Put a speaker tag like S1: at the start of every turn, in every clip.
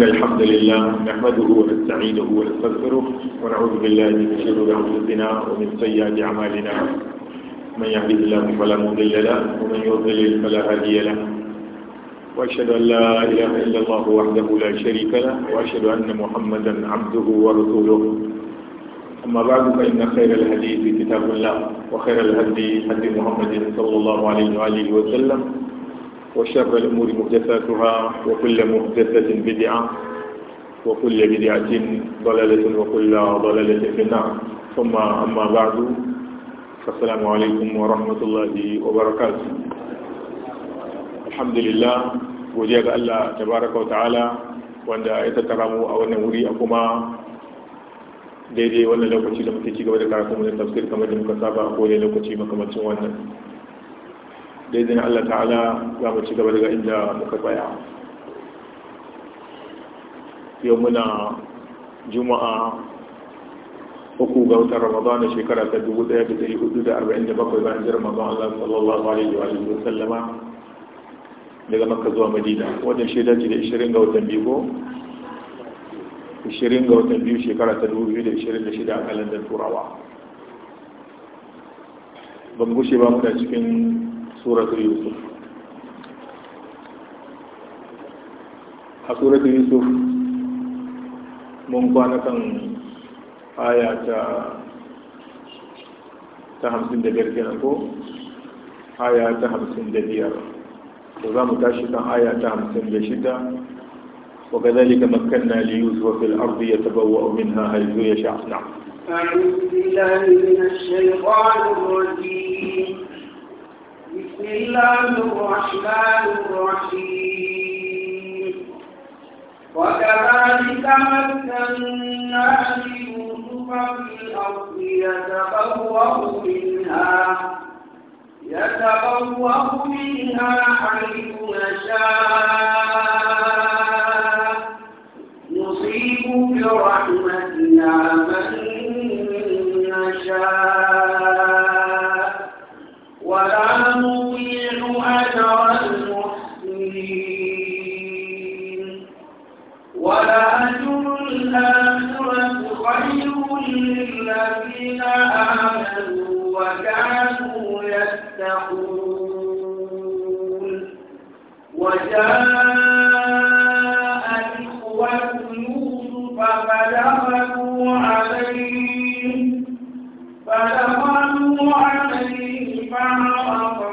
S1: إن الحمد لله نحمده ونستعينه ونستغفره ونعوذ بالله من شرور أنفسنا ومن سيئات أعمالنا من يهده الله فلا مضل له ومن يضلل فلا هادي له وأشهد أن لا إله إلا الله وحده لا شريك له وأشهد أن محمدا عبده ورسوله أما بعد فإن خير الحديث كتاب الله وخير الهدي هدي محمد صلى الله عليه وآله وسلم وشر الأمور محدثاتها وكل محدثة بدعة وكل بدعة ضلالة وكل ضلالة في النار ثم أما بعد فالسلام عليكم ورحمة الله وبركاته الحمد لله godiya ga Allah tabaraka ta'ala wanda ya tattara a wannan wuri a kuma daidai wannan lokaci da muke ci gaba da karatu mu da tafsir kamar da muka saba ko kowane lokaci makamancin wannan da na Allah ta'ala za mu ci gaba daga inda muka tsaya yau muna juma'a uku ga wutar ramadana shekara ta 1447 bayan jirma ba Allah sallallahu alaihi wa sallama daga maka zuwa madina wajen shaidar ji da 20 ga watan biyu 20 ga watan biyu shekara ta 2026 a kalandar turawa ban gushe ba muna cikin suratu yusuf a suratu yusuf mun kwana kan aya ta ta hamsin da biyar kenan ko aya ta hamsin da biyar to za mu tashi kan aya ta hamsin da shida وكذلك مكنا ليوسف في الأرض يتبوأ منها حيث يشاء نعم
S2: أعوذ بالله من الشيطان الرجيم الله الرحمن الرحيم وكذلك مكنا ليوسف في الأرض يتبوأ منها
S1: يتبوأ
S2: منها حيث نشاء نصيب برحمتنا من نشاء ولا أجر المحسنين ولأجر الآخرة خير للذين آمنوا وكانوا يتقون وجاء إخوة يوسف فدخلوا عليه فدخلوا عليه فعرفوا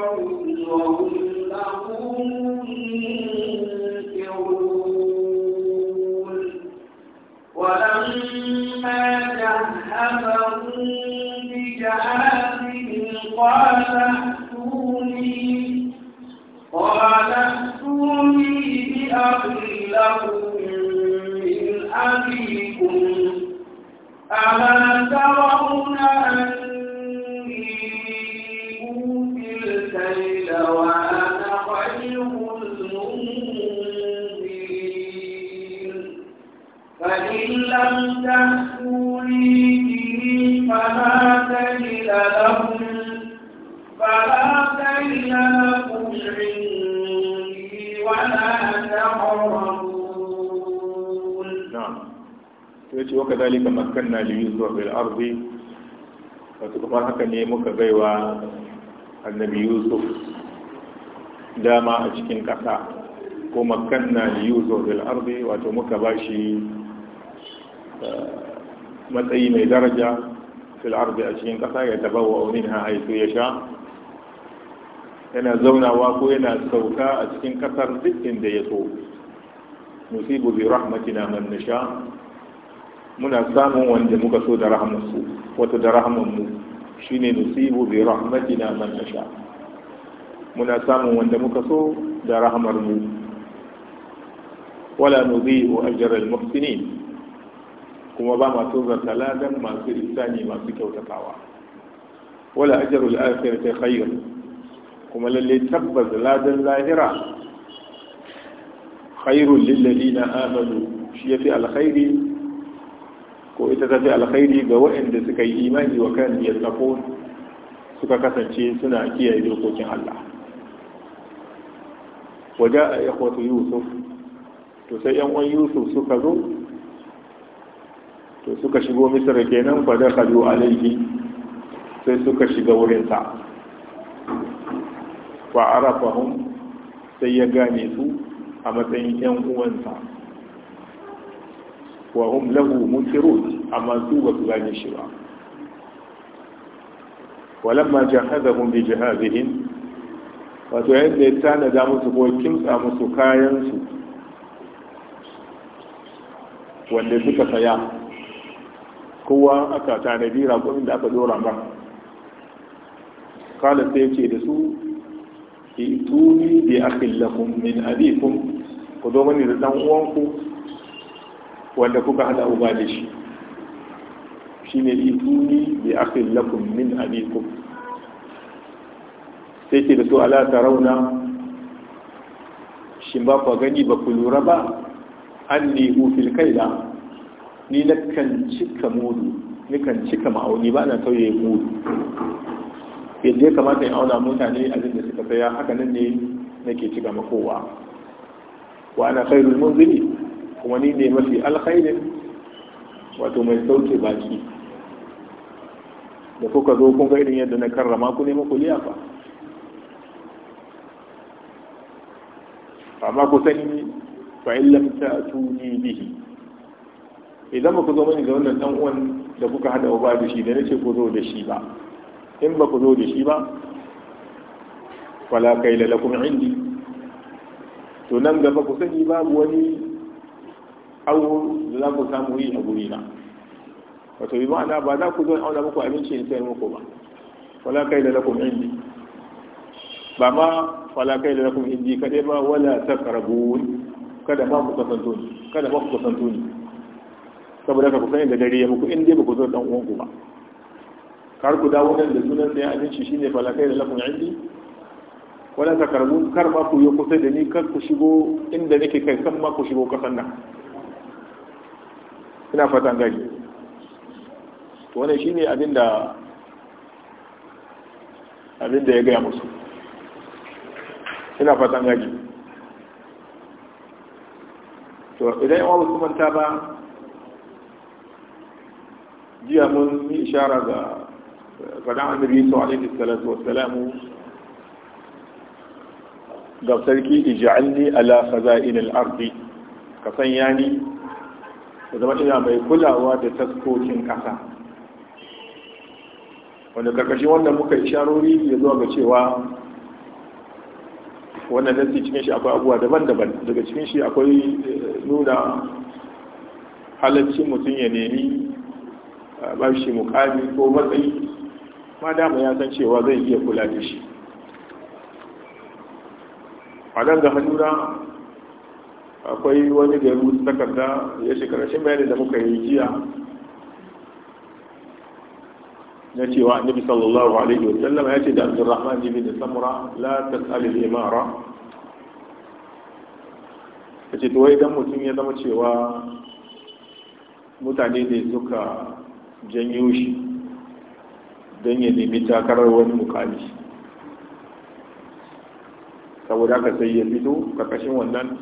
S2: هذه قال ائتوني قال ائتوني بأخي لكم من أبيكم ألا ترون أني أوتي الكيل وأنا خير المنزلين فإن لم تأتوا فما تجل لهم
S1: فلا تجل لكم
S2: عندي ولا تحرموا
S1: نعم. وكذلك مكنا ليوسف في الارض وتبقى نيمك بيوا النبي يوسف داما اشكين كاسا ومكنا ليوسف في الارض وتمك باشي آه، متي درجه في الأرض أشين كفا يتبوأ منها حيث يشاء انا زونا واكو انا سوكا أشين كفا رزقين دي نصيب برحمتنا من نشاء من أسامه وانجي مكسو درهم السوء وتدرهم شين نصيب برحمتنا من نشاء من أسامه وانجي مكسو درهم ولا نضيع أجر المحسنين kuma ba ma tozarta ladan masu isani masu kyautatawa wala ajarul akhirati khayr kuma lalle tabbas ladan lahira khairul lil ladina amanu shi yafi alkhairi ko ita ta fi alkhairi ga waɗanda suka yi imani wa kan tsako suka kasance suna kiyaye dokokin Allah waja a ikhwatu yusuf to sai yan uwan yusuf suka zo to suka shigo misra kenan fa dakhalu alayhi sai suka shiga wurin sa fa arafahum sai ya gane su a matsayin yan uwansa wa hum lahu munkirun amma su ba su gane shi ba walamma jahazahum bi jihazihim wato yadda ya tanada musu ko kimtsa musu kayansu wanda suka saya kowa aka tanadi raƙumin da aka dora ba kala sai ce da su ituni bi akhin lakum min abikum ku zo mani da dan uwanku wanda kuka hada uba da shi shine ituni bi akhin lakum min abikum sai ce da su ala tarauna shin ba ku gani ba ku lura ba anni hu fil kaila ni na kan cika mudu ni kan cika ma'auni ba na sauye mudu yadda ya kamata ya auna mutane abin da suka saya haka nan ne ke cika makowa wa ana khairul munzili kuma ni ne mafi alkhairin wato mai sauke baki da kuka zo kun ga irin yadda na karrama ku ne muku liyafa amma ku sani fa illam ta'tuni bihi idan ba ku zo mani ga wannan dan uwan da kuka hada uba da shi da nace ku zo da shi ba in ba ku zo da shi ba wala kaila lakum indi to nan gaba ku sani babu wani awo da za ku samu yi a guri na wato bi ma'ana ba za ku zo in auna muku abinci in sayar muku ba wala kaila lakum indi ba ma wala kaila lakum indi kada ba wala takrabun kada ma ku kasanto ni kada ba ku kasanto ni saboda ka kusan da dare ya muku in dai ba ku zo dan uwanku ba kar ku dawo nan da sunan sai abinci shine falakai da lafin indi wala ta karbu kar ma ku yi kusa da ni kar ku shigo inda nake kai kan ma ku shigo kasan nan ina fatan gaji. to wannan shine abin da abin da ya gaya musu ina fatan gaji. to idan yawa su manta ba jiya mun yi ishara ga faɗan annabi sau alaihi salatu wassalamu ga sarki ij'alni ala khaza'in al-ardi ka sanya ni ka zama ina mai kulawa da taskokin ƙasa wanda karkashi wanda muka isharori ya zuwa ga cewa wannan nasi cikin shi akwai abuwa daban-daban daga cikin shi akwai eh, nuna halaccin mutum ya nemi ba shi mukami ko matsayi ma dama ya san cewa zai iya kula da shi a nan ga hannuna akwai wani da rubuta takarda ya shekara shi bayani da muka yi jiya na cewa annabi sallallahu alaihi wa sallam ya ce da abdurrahman da samura la tas'al al-imara kace to idan mutum ya zama cewa mutane ne suka janyo shi don ya nemi takarar wani mukami saboda ka sai ya fito karkashin wannan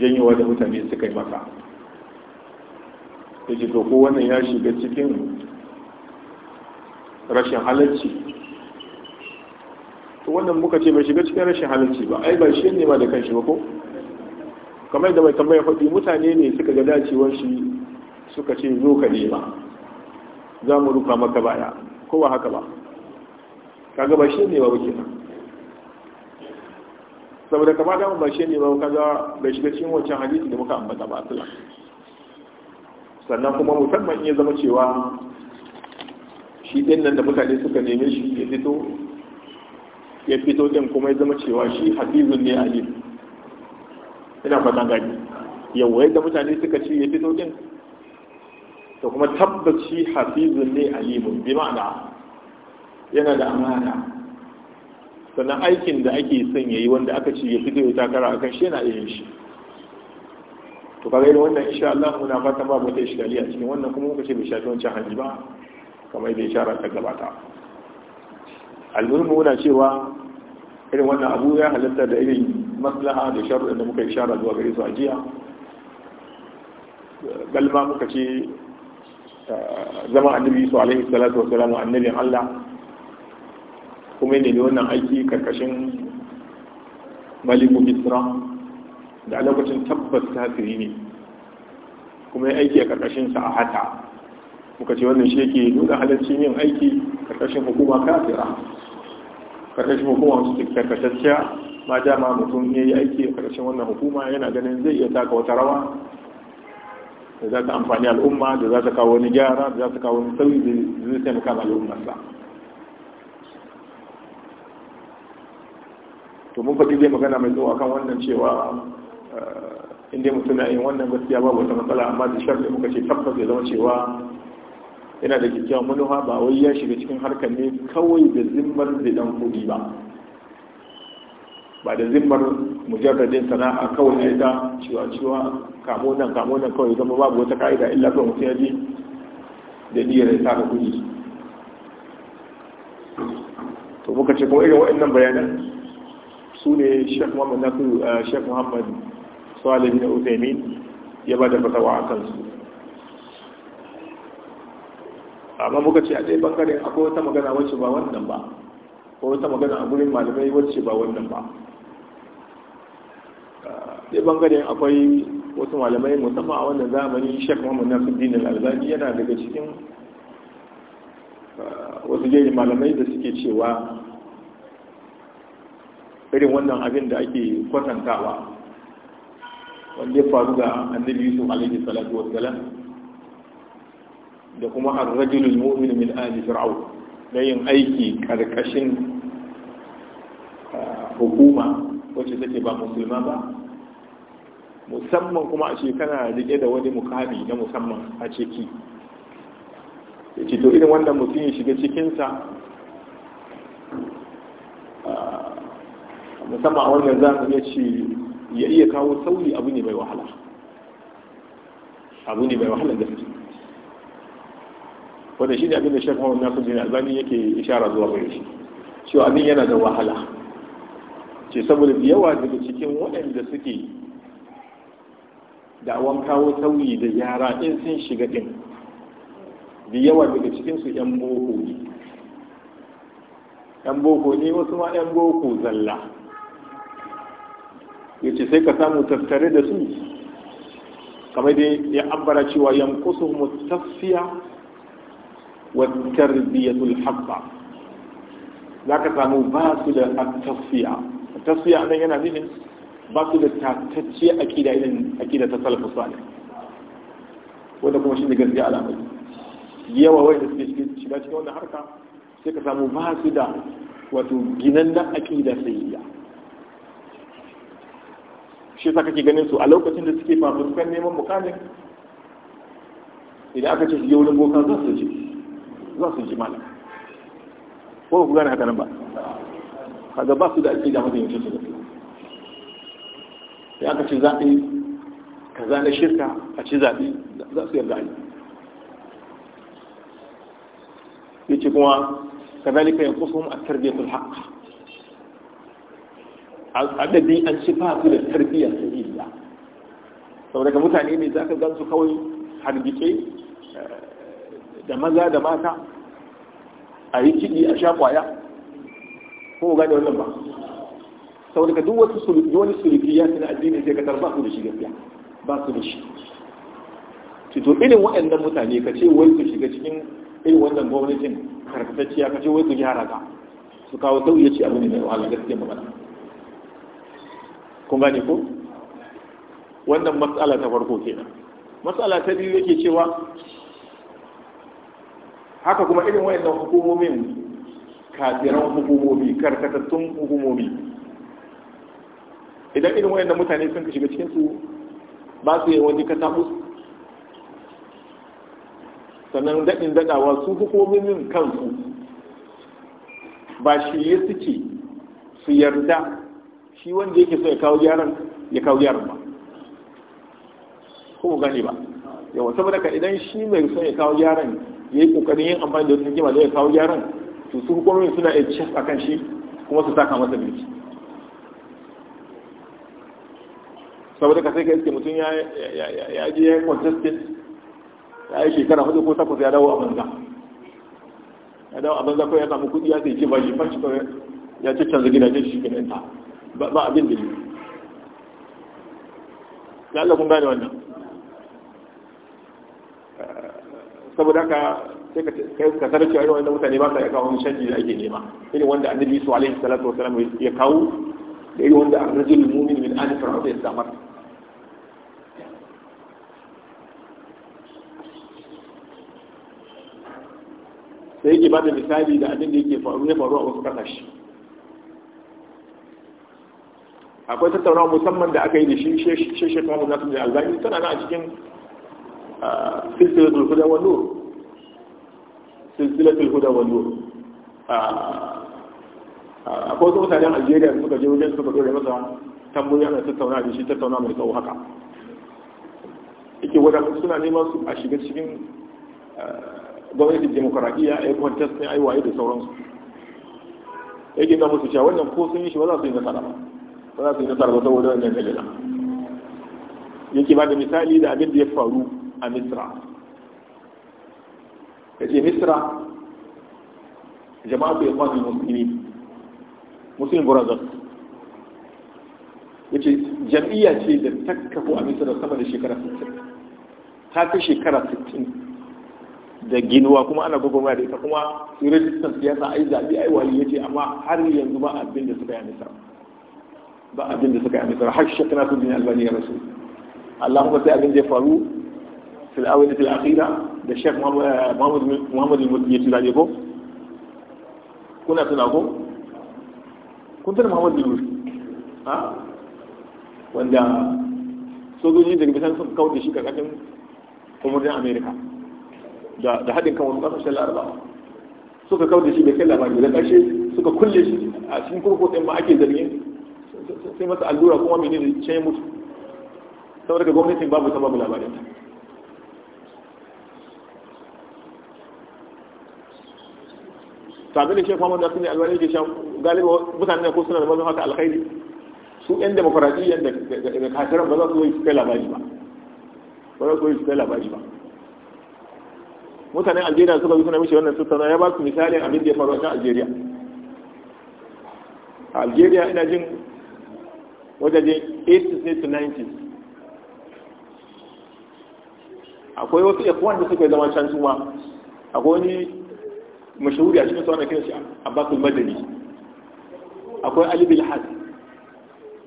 S1: janyowa da mutane suka yi maka da ke ko wannan ya shiga cikin rashin halarci to wannan muka ce bai shiga cikin rashin halarci ba ai ba shi ne ma da kanshi ba ko kamar da mai tambaya faɗi mutane ne suka ga dacewar shi suka ce zo ka nema za mu rufa maka baya ko ba haka ba kaga ba shi ne ba wuce saboda kama da ba shi ne ba za bai shiga cikin wancan hadisi da muka ambata ba asila sannan kuma musamman iya zama cewa shi din nan da mutane suka neme shi ya fito ya fito din kuma ya zama cewa shi hafizun ne alim ina fata gani Yawai da mutane suka ce ya fito din To kuma tabbaci hafizun ne alimun bi ma'ana yana da amana sannan aikin da ake son yayi wanda aka ce ya fito ya takara akan shi yana yin shi to kaga irin wannan insha Allah muna fata ba mu da iskali a cikin wannan kuma muka ce bai shafi wancan hanji ba kamar da ishara ta gabata almuhimmi muna cewa irin wannan abu ya halatta da irin maslaha da sharuɗin da muka ishara zuwa gare su a jiya galma muka ce Eh, zama annabi su alaihi salatu wasalam annabin Allah kuma ne da wannan aiki karkashin maliku Misra da lokacin tabbas tasiri ne kuma ya aiki a karkashin sa a hata muka ce wannan shi yake nuna halarci yin aiki karkashin hukuma kafira karkashin hukuma su karkatacciya ma dama mutum ya yi aiki a karkashin wannan hukuma yana ganin zai iya taka wata rawa da za ta amfani al'umma da za ta kawo wani gyara da za ta kawo wani sauyi da zai taimaka al'umma sa to mun faɗi zai magana mai tsawo akan wannan cewa eh, inda mutum na yin wannan gaskiya babu wata matsala amma da shar da muka ce tabbas ya zama cewa yana da kyakkyawan manufa ba wai ya shiga cikin harkar ne kawai da zimmar da dan kuɗi ba ba da zimmar mujarradin sana'a kawai ne ta cewa cewa kamo nan kamo nan kawai zama babu wata ka'ida illa kawai mutum ya ji da niyyar ya saka kuɗi to muka ce kuma irin waɗannan bayanan su ne shek muhammad a eh, shek muhammad salih na uthaymin ya ba da fatawa a kansu amma muka ce a ɗaya bangare akwai wata magana wacce ba wannan ba ko wata magana a gurin malamai wacce ba wannan ba sai bangaren akwai wasu malamai musamman a wannan zamani shek na nasiruddin al-albani yana daga cikin uh, wasu jerin malamai da suke cewa irin wannan abin da ake kwatantawa wanda ya faru ga annabi yusuf alaihi salatu wasalam da kuma ar-rajulul mu'min min ali fir'au da yin aiki karkashin uh, hukuma wacce take ba musulma ba musamman kuma a shekara rike da wani mukami na musamman a ciki. ya ce to irin wannan mutum ya shiga cikinsa ah, musamman a wannan zamu ya ce ya iya kawo sauri abu ne mai wahala abu ne mai wahala gaske wanda shi ne abin da shekwa wani nasu jini albani yake ishara zuwa mai shi cewa abin yana da wahala ce saboda yawa daga cikin waɗanda suke Da awon kawo sauyi da yara in sun shiga ɗin da yawa daga cikinsu 'yan boko ne 'yan boko ne wasu ma 'yan boko zalla yace sai ka samu tattare da su kamar dai ya abbara cewa kusur mutafiya wa tarbiyatul habba za ka samu ba su da tafiya tafiya nan yana nufin ba su da tatacce aƙida irin aƙida ta salafus salih wadda kuma shi ne gaske alamai yawa wai da suke shiga cikin wannan harka sai ka samu ba su da wato ginan da aƙida yi shi sa kake ganin su a lokacin da suke fafutukan neman mukamin idan aka ce su yi wurin boka za su ji za su ji malam ko ku gane haka nan ba kaga ba su da aƙida mutum yin su gaskiya sai aka ce zaɓe ka zane shirka a ci zaɓe za su yarda ne ya ce kuma ka kazalika ya kusur a tarbiyyar tarbiyyatul haqq adadi an ci fasu da tarbiyyar sun sahihiya sau Daga mutane ne za ka gansu kawai harbike eh, da maza da mata a yi kiɗi a sha kwaya ko gane wannan ba saboda ka duk wasu wani sulubi ya na addini sai ka tarba su da shi gaskiya ba su da shi to irin waɗannan mutane ka ce wai su shiga cikin irin wannan gwamnatin karkatacciya ka ce wai su gyara ka su kawo sauyi ya ce abu ne mai wahala gaskiya magana kun gane ko wannan matsala ta farko kenan matsala ta biyu yake cewa haka kuma irin wayannan hukumomin kafiran hukumomi karkatattun hukumomi idan irin wayannan mutane sun ka shiga cikin su ba su yi wani kasa musu sannan daɗin daɗawa su hukumomin kansu ba shi ya suke su yarda shi wanda yake so ya kawo gyaran ya kawo gyaran ba ko gani ba yawa saboda ka idan shi mai so ya kawo gyaran ya yi kokarin yin amfani da wata hikima da ya kawo gyaran to su hukumomin suna iya ci a kan shi kuma su saka masa birki saboda ka sai ka iske mutum ya ji ya yi contested ya yi shekara hudu ko takwas ya dawo a banza ya dawo a banza ko ya samu kudi ya sai ce ba shi fashi ko ya ce canza gidajen shi ke ta ba abin da yi ya Allah kun gane wannan saboda ka sai ka sarar cewa irin wannan mutane ba ka yi kawo shanji canji da ake nema irin wanda annabi su alaihi salatu wasalam ya kawo da yi wanda an rajin mumin min ali fir'auna ya samar sai yake ba da misali da abin da yake faru ya faru a wasu kasashe akwai tattaunawa musamman da aka yi da shi sheshe na nasu da alzari tana na a cikin silsilatul hudawar wal nur silsilatul huda akwai wasu mutanen algeria da suka je wajen suka dore masa tambayoyi ana tattauna da shi tattauna mai tsawo haka yake wadanda suna neman su a shiga cikin eh, gwamnatin demokuraɗiyya a yi contest ne ai waye da sauransu yake na musu cewa wannan ko sun yi shi ba za su yi nasara ba ba za su yi nasara ba saboda wannan dalila yake ba da misali da abin da ya faru a misra yace misra jama'atu ikhwanul muslimin muslim brothers wace jam'iyya ce da ta kafu a misira sama da shekara 60 ta fi shekara 60 da ginuwa kuma ana gwagwama da ita kuma su rajistan siyasa ai zaɓi yi wali yace amma har yanzu ba abin da suka yi a misira ba abin da suka yi a misira har shekara sun jini albani ya rasu allahumma sai abin da ya faru da da في mutum ya للشيخ محمد ko kuna كنا ko. kun tana ma wannan yuri ha wanda sojoji daga bisan sun kawo da shi karkashin umarnin amerika da haɗin kan wani ƙasashen larabawa suka kawo da shi bai kai labari da ƙarshe suka kulle shi a cikin ɗin ma ake zargi sai masa allura kuma da ce mutu saboda gwamnatin babu ta babu labarin to da shi kuma da sunni albani ke sha galiba mutane ne ko suna da mazan haka alkhairi su yan demokradiyya da kafiran ba za su yi su kai labari ba ba za su yi su kai labari ba mutanen algeria suka zuwa suna mishi wannan tattauna ya ba su misalin abin da ya faru a algeria a algeria ina jin wajajen 80s ne to 90s akwai wasu f1 da suka yi zama can suma akwai wani mashahuri a cikin sa wannan kiran shi abbasul madani akwai ali bin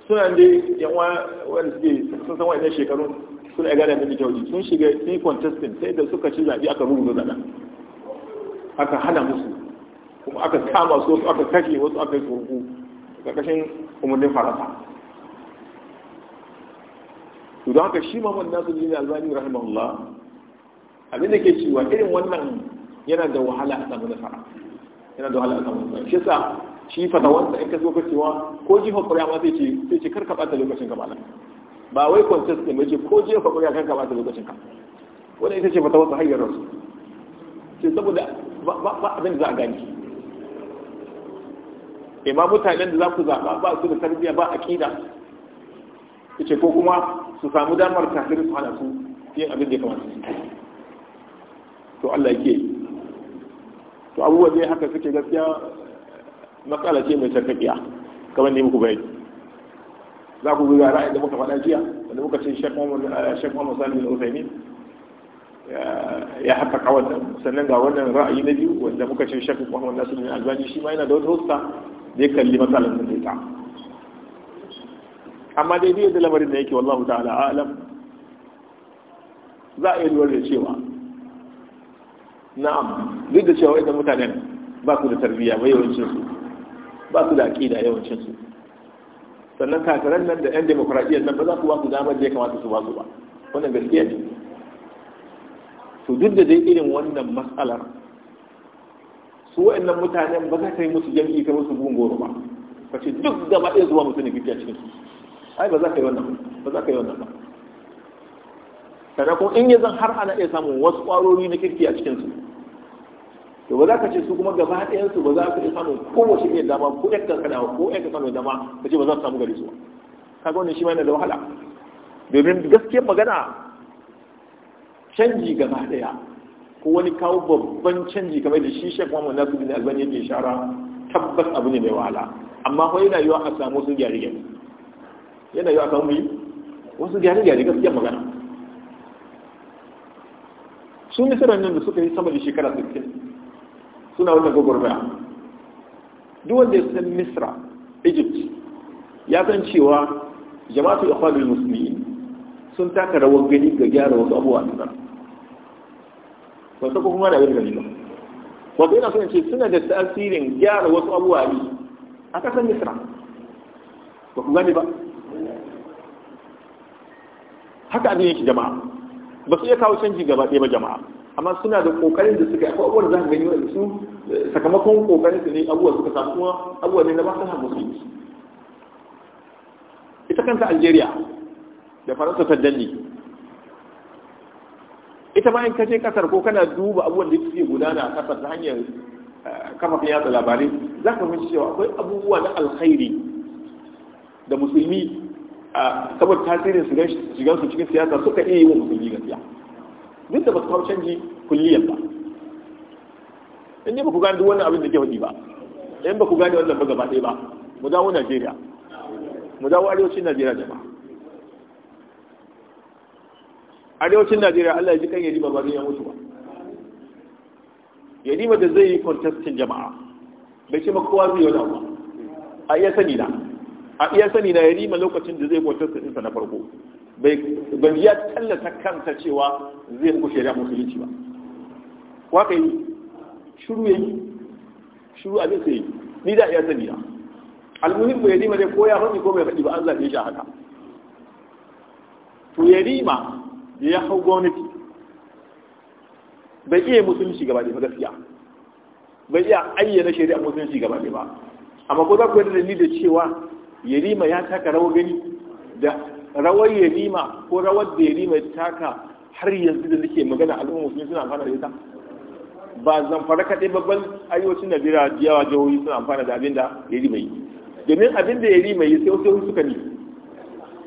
S1: suna da yan uwa wanda suke sun san shekaru shekarun suna gane da jaudi sun shiga sun contesting sai da suka ci zabi aka rubuta zaɓa aka hana musu kuma aka kama su wasu aka kashe wasu aka yi A ƙarƙashin umarnin faransa to don haka shi mamman nasu jini albani rahimahullah abinda ke cewa irin wannan yana da wahala a samu nasara yana da wahala a samu nasara shi yasa shi fatawansa in ka zo ka cewa ko jifa ƙuri'a ma zai ce sai ce karka ɓata lokacin ka malam ba wai kwantas ne ce ko jefa ƙuri'a karka ɓata lokacin ka Wani ita ce fatawansa hanyar rasu ce saboda ba abin da za a gani ma eh, mutanen da za ku zaɓa ba su da tarbiyya ba aƙida ce ko kuma su samu damar kafin su hana su yin abin da ya kamata to Allah ke. to abubuwa zai haka suke gaskiya matsala ce mai sarkakiya kamar ne muku bayani za ku ga ra'ayin da muka faɗa jiya wanda muka ce shek muhammad eh, salim al-uthaymin eh, ya haka kawannan sannan ga wannan ra'ayi na biyu wanda muka ce shek muhammad nasir na albani shi ma yana da wata hosta da ya kalli matsalar da ta amma dai biyu da lamarin da yake wallahu ta'ala alam za a yi lura da cewa na'am duk da cewa wa'annan mutanen ba ku da tarbiyya ba yawancin su ba su da aqida yawancin su sannan kakarar nan da 'yan demokradiyyar nan ba za su ba su damar da ya kamata su ba su ba wannan gaskiya ne to duk da dai irin wannan matsalar su wa'annan mutanen ba za ka yi musu jam'i ka musu bugun goro ba ka ce duk ba iya zuwa mutum da gidiya cikin su ai ba za ka yi wannan ba za ka yi wannan ba sannan kuma in yi zan har ana iya samun wasu ƙwarori na kirki a cikin su to ba za ka ce su kuma gaba ɗayansu ba za ka yi samun kowace iya dama ko ɗan ka ko ɗan ka samun dama ka ce ba za su samu gari su ka ga wannan shi ma yana da wahala domin gaskiyar magana canji gaba ɗaya ko wani kawo babban canji kamar da shi shek Muhammad nasu bin Albani yake shara tabbas abu ne mai wahala amma fa yana yiwuwa a samu wasu gyare gyare yana yiwa a samu yi wasu gyare gyare gaskiyar magana sun yi sanar da suka yi sama da shekara 60 suna wannan gwagwarmaya duk wanda ya san misra egypt ya san cewa jama'atu ikhwanul muslimin sun taka rawar gani ga gyara wasu abubuwa a nan ba ta kuma da wani gani ba wato yana son ce suna da tasirin gyara wasu abubuwa ne a kasan misra ba ku gane ba haka abin yake jama'a ba su iya kawo canji gaba ɗaya ba jama'a amma suna da kokarin da suka yi abubuwan da za ka gani wanda su sakamakon kokarin su ne abubuwa suka samu kuma abubuwa ne na ba sa su ita kanta algeria da faransa ta danne ita bayan kashe kasar ko kana duba abubuwan da suke gudana a kasar ta hanyar eh, kafafen yatsa labarai za ka fahimci cewa akwai abubuwa na alkhairi da musulmi ah, saboda tasirin shigansu cikin siyasa suka iya yi wa musulmi gaskiya duk da ba su kawo canji kulliyan ba in ne ba ku gane wannan abin da ke faɗi ba in ba ku gane wannan ba gaba ɗaya ba mu dawo najeriya mu dawo arewacin najeriya ba. arewacin najeriya allah ya ji kan yadima ba zai ya mutu ba yadima da zai yi contestin jama'a bai ce makowa zai yi wani a iya sani na a iya sani na yadima lokacin da zai contestin sa na farko bai ya tallata kansa cewa zai ku shari'a musulunci ba waka yi shuru ya yi shuru a zai sai ni da iya sani almuhim ya rima dai ko ya faɗi ko bai faɗi ba an zaɓe shi a haka to ya rima da ya hau gwamnati bai iya musulunci gaba ɗaya ba gaskiya bai iya ayyana shari'a musulunci gaba ɗaya ba amma ko za ku yi da ni da cewa ya rima ya taka rawar gani da rawar yarima ko rawar da yarima ya taka har yanzu da nake magana al'umma musulmi suna amfana da ita ba zan fara kaɗai babban arewacin najeriya yawa jihohi suna amfana da abin da yarima yi domin abin da yarima yi sai wasu suka ne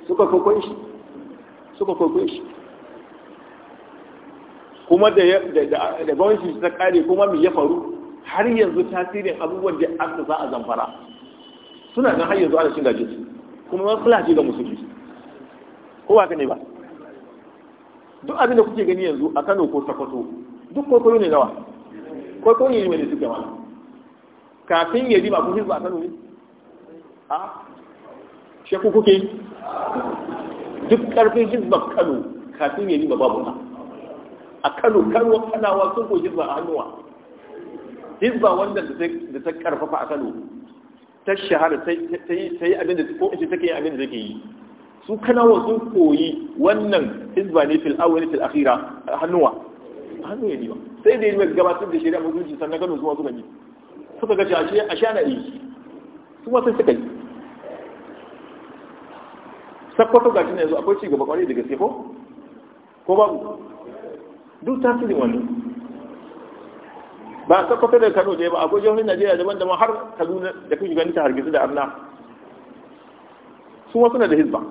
S1: suka kwaikwayo shi suka kwaikwayo shi kuma da shi ta kare kuma mai ya faru har yanzu tasirin abubuwan da aka za a zamfara suna nan har yanzu ana cin gaji kuma wani ce ga musulmi kowa ka ne ba duk abin da kuke gani yanzu a Kano ko Sokoto duk kwaikwayo ne gawa kwaikwayo ne wanda suke gawa kafin ya ba kun hizba a Kano ne a shekku kuke duk karfin hizba Kano kafin ya ba babu na a Kano Kano kanawa sun ko hizba a hannuwa hizba wanda da ta karfafa a Kano ta shahara ta yi abin da ko ita take yi abin da take yi su wa sun koyi wannan hizba ne fil awwal fil akhira hannuwa hannuwa ne ba sai da yake gabatar da shari'a mutunci sannan gano zuwa suka yi suka ga a ashe ana yi su ma sai suka yi sakwato ga shi yanzu akwai cigaba gaba kwarai da gaske ko ko babu duk ta tasirin wannan ba a sakwato da kano da ba akwai jihohin najeriya daban-daban har kaduna da kuma gani ta hargitsi da arna su ma suna da hizba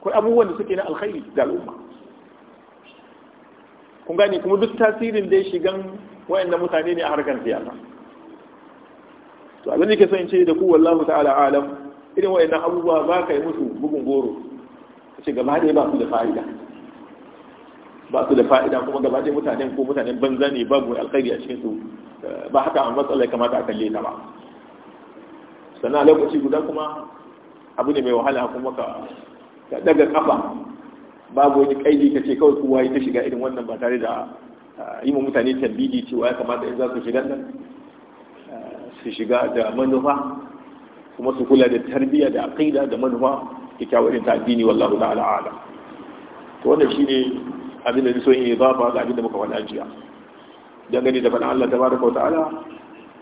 S1: akwai abubuwan da suke na alkhairi ga al'umma kun gani kuma duk tasirin da ya shigan wayannan mutane ne a harkar siyasa to abin da ke son ce da ku wallahu ta'ala alam irin wayannan abubuwa ba ka yi musu bugun goro ka ce gaba ɗaya ba su da fa'ida ba su da fa'ida kuma gaba ɗaya mutanen ko mutanen banza ne babu alkhairi a cikin su ba haka an matsala kamata a kalle ta ba sannan a lokaci guda kuma abu ne mai wahala kuma ka ka daga kafa babu wani kaidi ka ce kawai kowa ya ta shiga irin wannan ba tare da yi ma mutane tambidi cewa ya kamata in za su shiga nan su shiga da manufa kuma su kula da tarbiyya da aqida da manufa kyakkyawar irin ta addini wallahu ta'ala alam to wannan shine abin da so in idafa ga abin da muka faɗa jiya dangane da faɗin Allah tabaraka wa ta'ala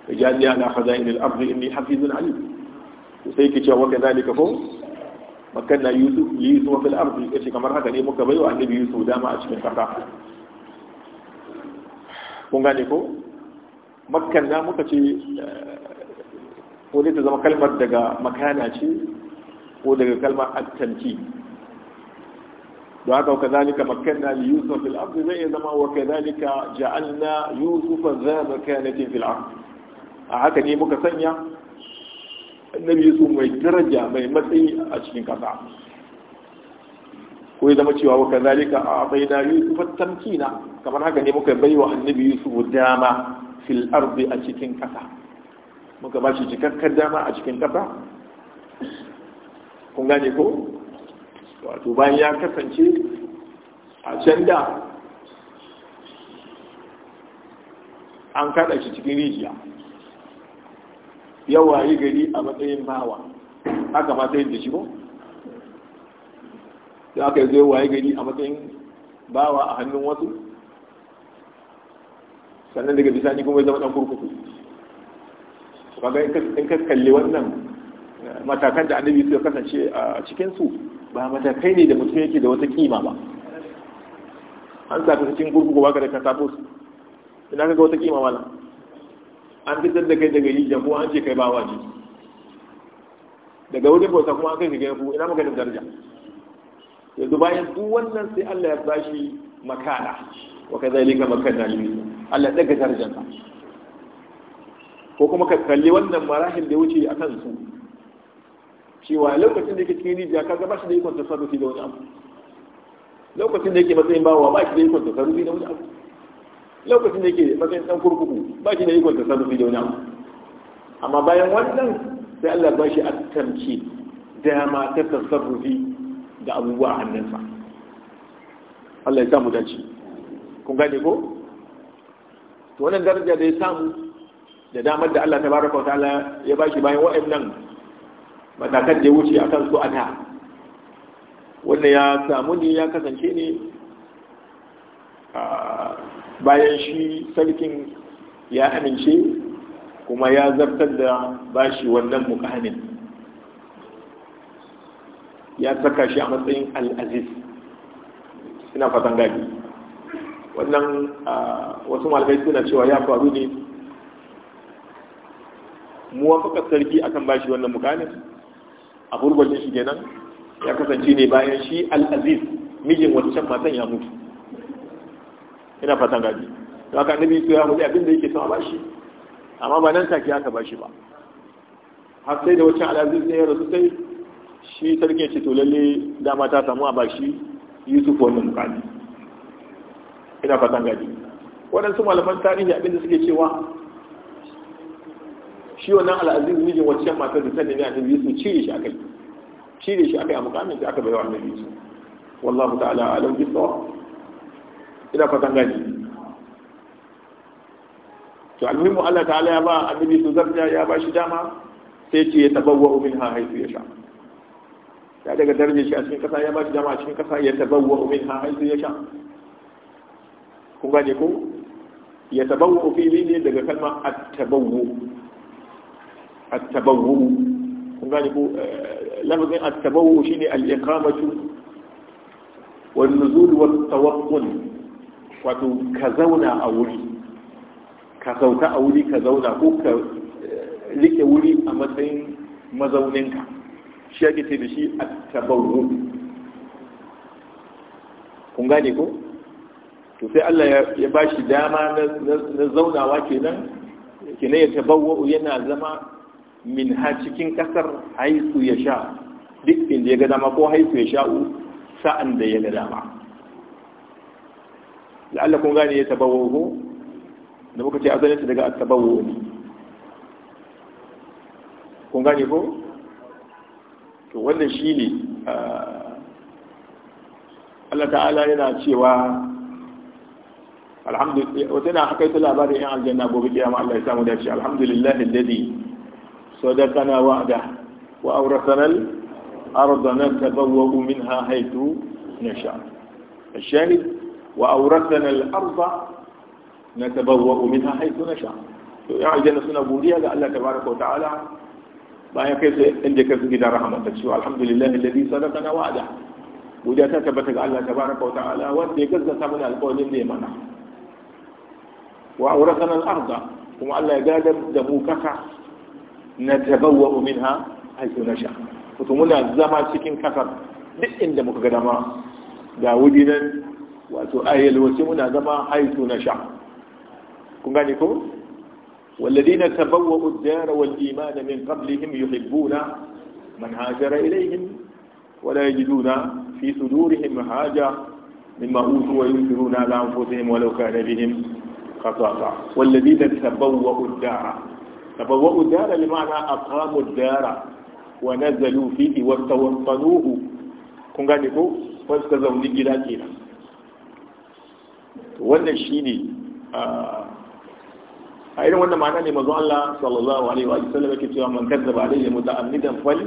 S1: ya jali ala khazain al-ardh inni hafizun alim sai ki ce wa kadhalika fa makanna yusuf li yusuf fil ardi ce kamar haka ne muka baiwa annabi yusuf dama a cikin kasa kun gane ko makanna muka ce eh, ko dai ta zama kalmar daga makana ce ko daga kalmar attanki don haka wa kazalika makanna li yusuf fil ardi zai zama wa ka kazalika ja'alna yusuf za makanatin fil ardi a haka ne muka sanya annabi yaso mai daraja mai matsayi a cikin kasa ko ya zama cewa waka zalika a baina yusuf tamkina kamar haka ne muka baiwa annabi yusuf dama fil ardi a cikin kasa muka ba shi cikakkar dama a cikin kasa kun gane ko wato bayan ya kasance a can da an kada shi cikin rijiya yawa yi gari a matsayin bawa haka ma yin da shi ko da aka yi zai wayi gari a matsayin bawa a hannun wasu sannan daga bisani kuma ya zama dan kurkuku kaga in ka kalli wannan eh, matakan da annabi ya kasance a cikinsu ba matakai ne da mutum yake da wata kima ba an sa ka cikin kurkuku ka da ka tafi su ina kaga wata kima malam an fitar da kai daga rijiya ko an ce kai ba waje daga wurin bauta kuma an kai shiga yafu ina maganin daraja yanzu bayan duk wannan sai Allah ya bashi makana wa kazalika makanna lil Allah daga darajarsa ko kuma ka kalli wannan marahil da wuce a kan su. cewa lokacin da yake cikin rijiya ka ba shi da ikon tasarrufi da wani abu lokacin da yake matsayin bawa ba shi da ikon tasarrufi da wani abu lokacin da yake matsayin ɗan kurkuku ba shi da ikon tasarrufi da wani amma bayan wannan sai Allah ba shi attamci dama ta tasarrufi da abubuwa a hannunsa Allah ya samu dace kun gane ko to wannan daraja da ya samu da damar da Allah tabaraka wa ta'ala ya ba shi bayan waɗannan matakan da ya wuce akan su a da wannan ya samu ne ya kasance ne bayan shi sarkin ya amince kuma ya zartar da bashi wannan mukamin ya saka shi a matsayin al'aziz suna fatan gadi wannan wasu malamai suna cewa ya faru ne muwafakar sarki akan bashi wannan mukamin a gurbacin shi kenan ya kasance ne bayan shi al'aziz mijin wancan matan ya mutu ina fatan gaji to aka nabi ya mu abin da yake son ba bashi amma ba nan take aka bashi ba har sai da wacce alaziz ne ya rasu sai shi sarki ce to lalle dama ta samu a bashi yusuf wannan kadi ina fatan gani waɗansu malaman tarihi abin da suke cewa shi wannan al'aziz mijin waccan matar da ta nemi annabi su cire shi akai cire shi akai a mukamin da aka bayar annabi yusuf wallahu ta'ala alam bisawab ina fatan gani to alhimu Allah ta'ala ya ba annabi su zarja ya ba shi dama sai ce ya tabawwa min ha haifu ya sha ya daga darje shi a cikin kasa ya ba shi dama a cikin kasa ya tabawwa min ha haifu ya sha kun gane ko ya tabawwa fili ne daga kalma at-tabawwu at-tabawwu kun gane ko eh, lafazin at-tabawwu shine al-iqamatu wal nuzul wat tawaqqul wato ka zauna a wuri ka sauka a wuri ka zauna ko ka eh, rike wuri a matsayin mazauninka shi ake ce da shi a tabarru kun gane ko to sai Allah ya ba shi dama na zaunawa kenan kenan ya tabawa yana zama min ha cikin kasar haisu ya sha duk inda ya ga dama ko haisu ya sha'u sa'an da ya ga dama la'alla kun gane ya tabawo da muka ce asalin daga at-tabawo ne kun gane ko to wannan shi ne Allah ta'ala yana cewa alhamdulillah wata na ita labarin yan aljanna gobe kiyama Allah ya samu dace alhamdulillah alladhi sadaqana wa'ada wa awrathana al ardha natabawwa minha haythu nasha الشاهد وأورثنا الأرض نتبوأ منها حيث نشاء يا الجنة سنة بوريا لألا تبارك وتعالى kai sai inda kai suke da rahama ta cewa alhamdulillah alladhi sadaqana wa'ada wuja ta tabbata ga Allah tabaraka wa ta'ala wanda ya gazzata mana alƙawarin da ya mana wa kuma Allah ya gadar da mu kasa na muna zama cikin kasar duk muka ga dama nan wato a yalwace muna zama haitu na sha kun gane ko والذين تبوأوا الدار والإيمان من قبلهم يحبون من هاجر إليهم ولا يجدون في صدورهم حاجة مما أوتوا وينكرون على أنفسهم ولو كان بهم خصاصة والذين تبوأوا الدار تبوأوا الدار بمعنى أقاموا الدار ونزلوا فيه وتوطنوه كن قال لكم فاستزوني إلى كينا wannan shi ne, a irin wannan ma'ana ne mazu Allah sallallahu alaihi wa sallam yake cewa man kazzaba alayhi muta'ammidan fal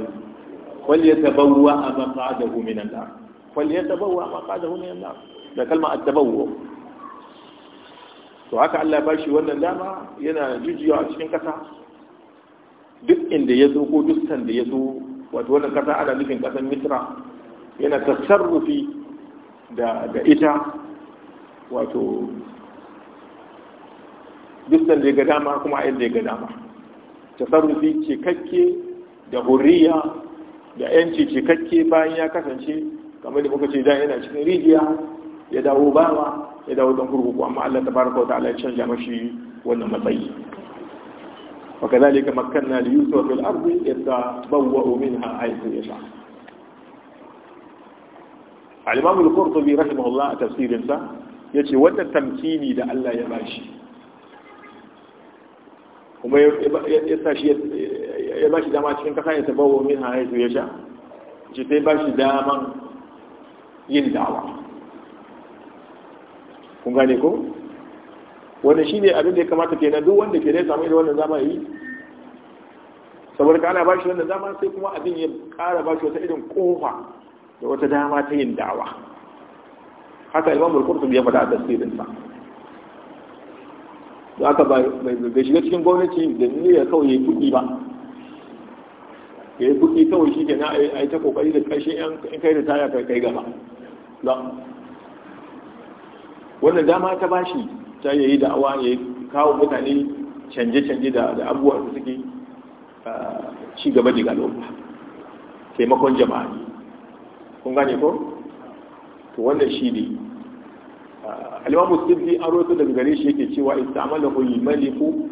S1: fal ya yatabawwa maqadahu min an-nar fal yatabawwa maqadahu min an-nar da kalma at-tabawwu to haka Allah ya bashi wannan dama yana jujiyawa a cikin kasa duk inda ya zo ko duk sanda ya zo wato wannan kasa ana nufin kasan Misra yana tasarrufi da da ita wato dukkan da ya ga dama kuma a yadda ya ga dama tasarrufi cikakke da hurriya da yanci cikakke bayan ya kasance kamar da muka ce da yana cikin rijiya ya dawo bawa ya dawo don kurkuku amma Allah tabaraka wa ta'ala ya canja mashi wannan matsayi wa kadhalika makkanna li yusuf fil ardi yatabawwa minha haythu yasha al-imam al-qurtubi rahimahullah a tafsirinsa. ya ce wanda tamkini da Allah ya bashi kuma ya ya bashi dama cikin kasa ya tabawo min haizu ya sha ce sai bashi daman yin dawa kun gane ko wanda shi ne abin da ya kamata ke na duk wanda ke dai samu da wannan zama yi saboda ka ana bashi wannan zama sai kuma abin ya kara bashi wata irin kofa da wata dama ta yin dawa haka imam al-qurtubi ya faɗa a tafsirin sa don haka bai shiga cikin gwamnati da ya kawai ya kuɗi ba ya yi kuɗi kawai shi ke na a yi ta kokari da kashe yan kai da taya kai gaba ba wannan dama ta bashi ta yayi da'awa ya kawo mutane canje-canje da abubuwa da suke ah, ci gaba daga al'umma taimakon jama'a kun gane ko to wannan shi ne alimamu sirri an rotu daga gare shi yake cewa istamala hulil maliku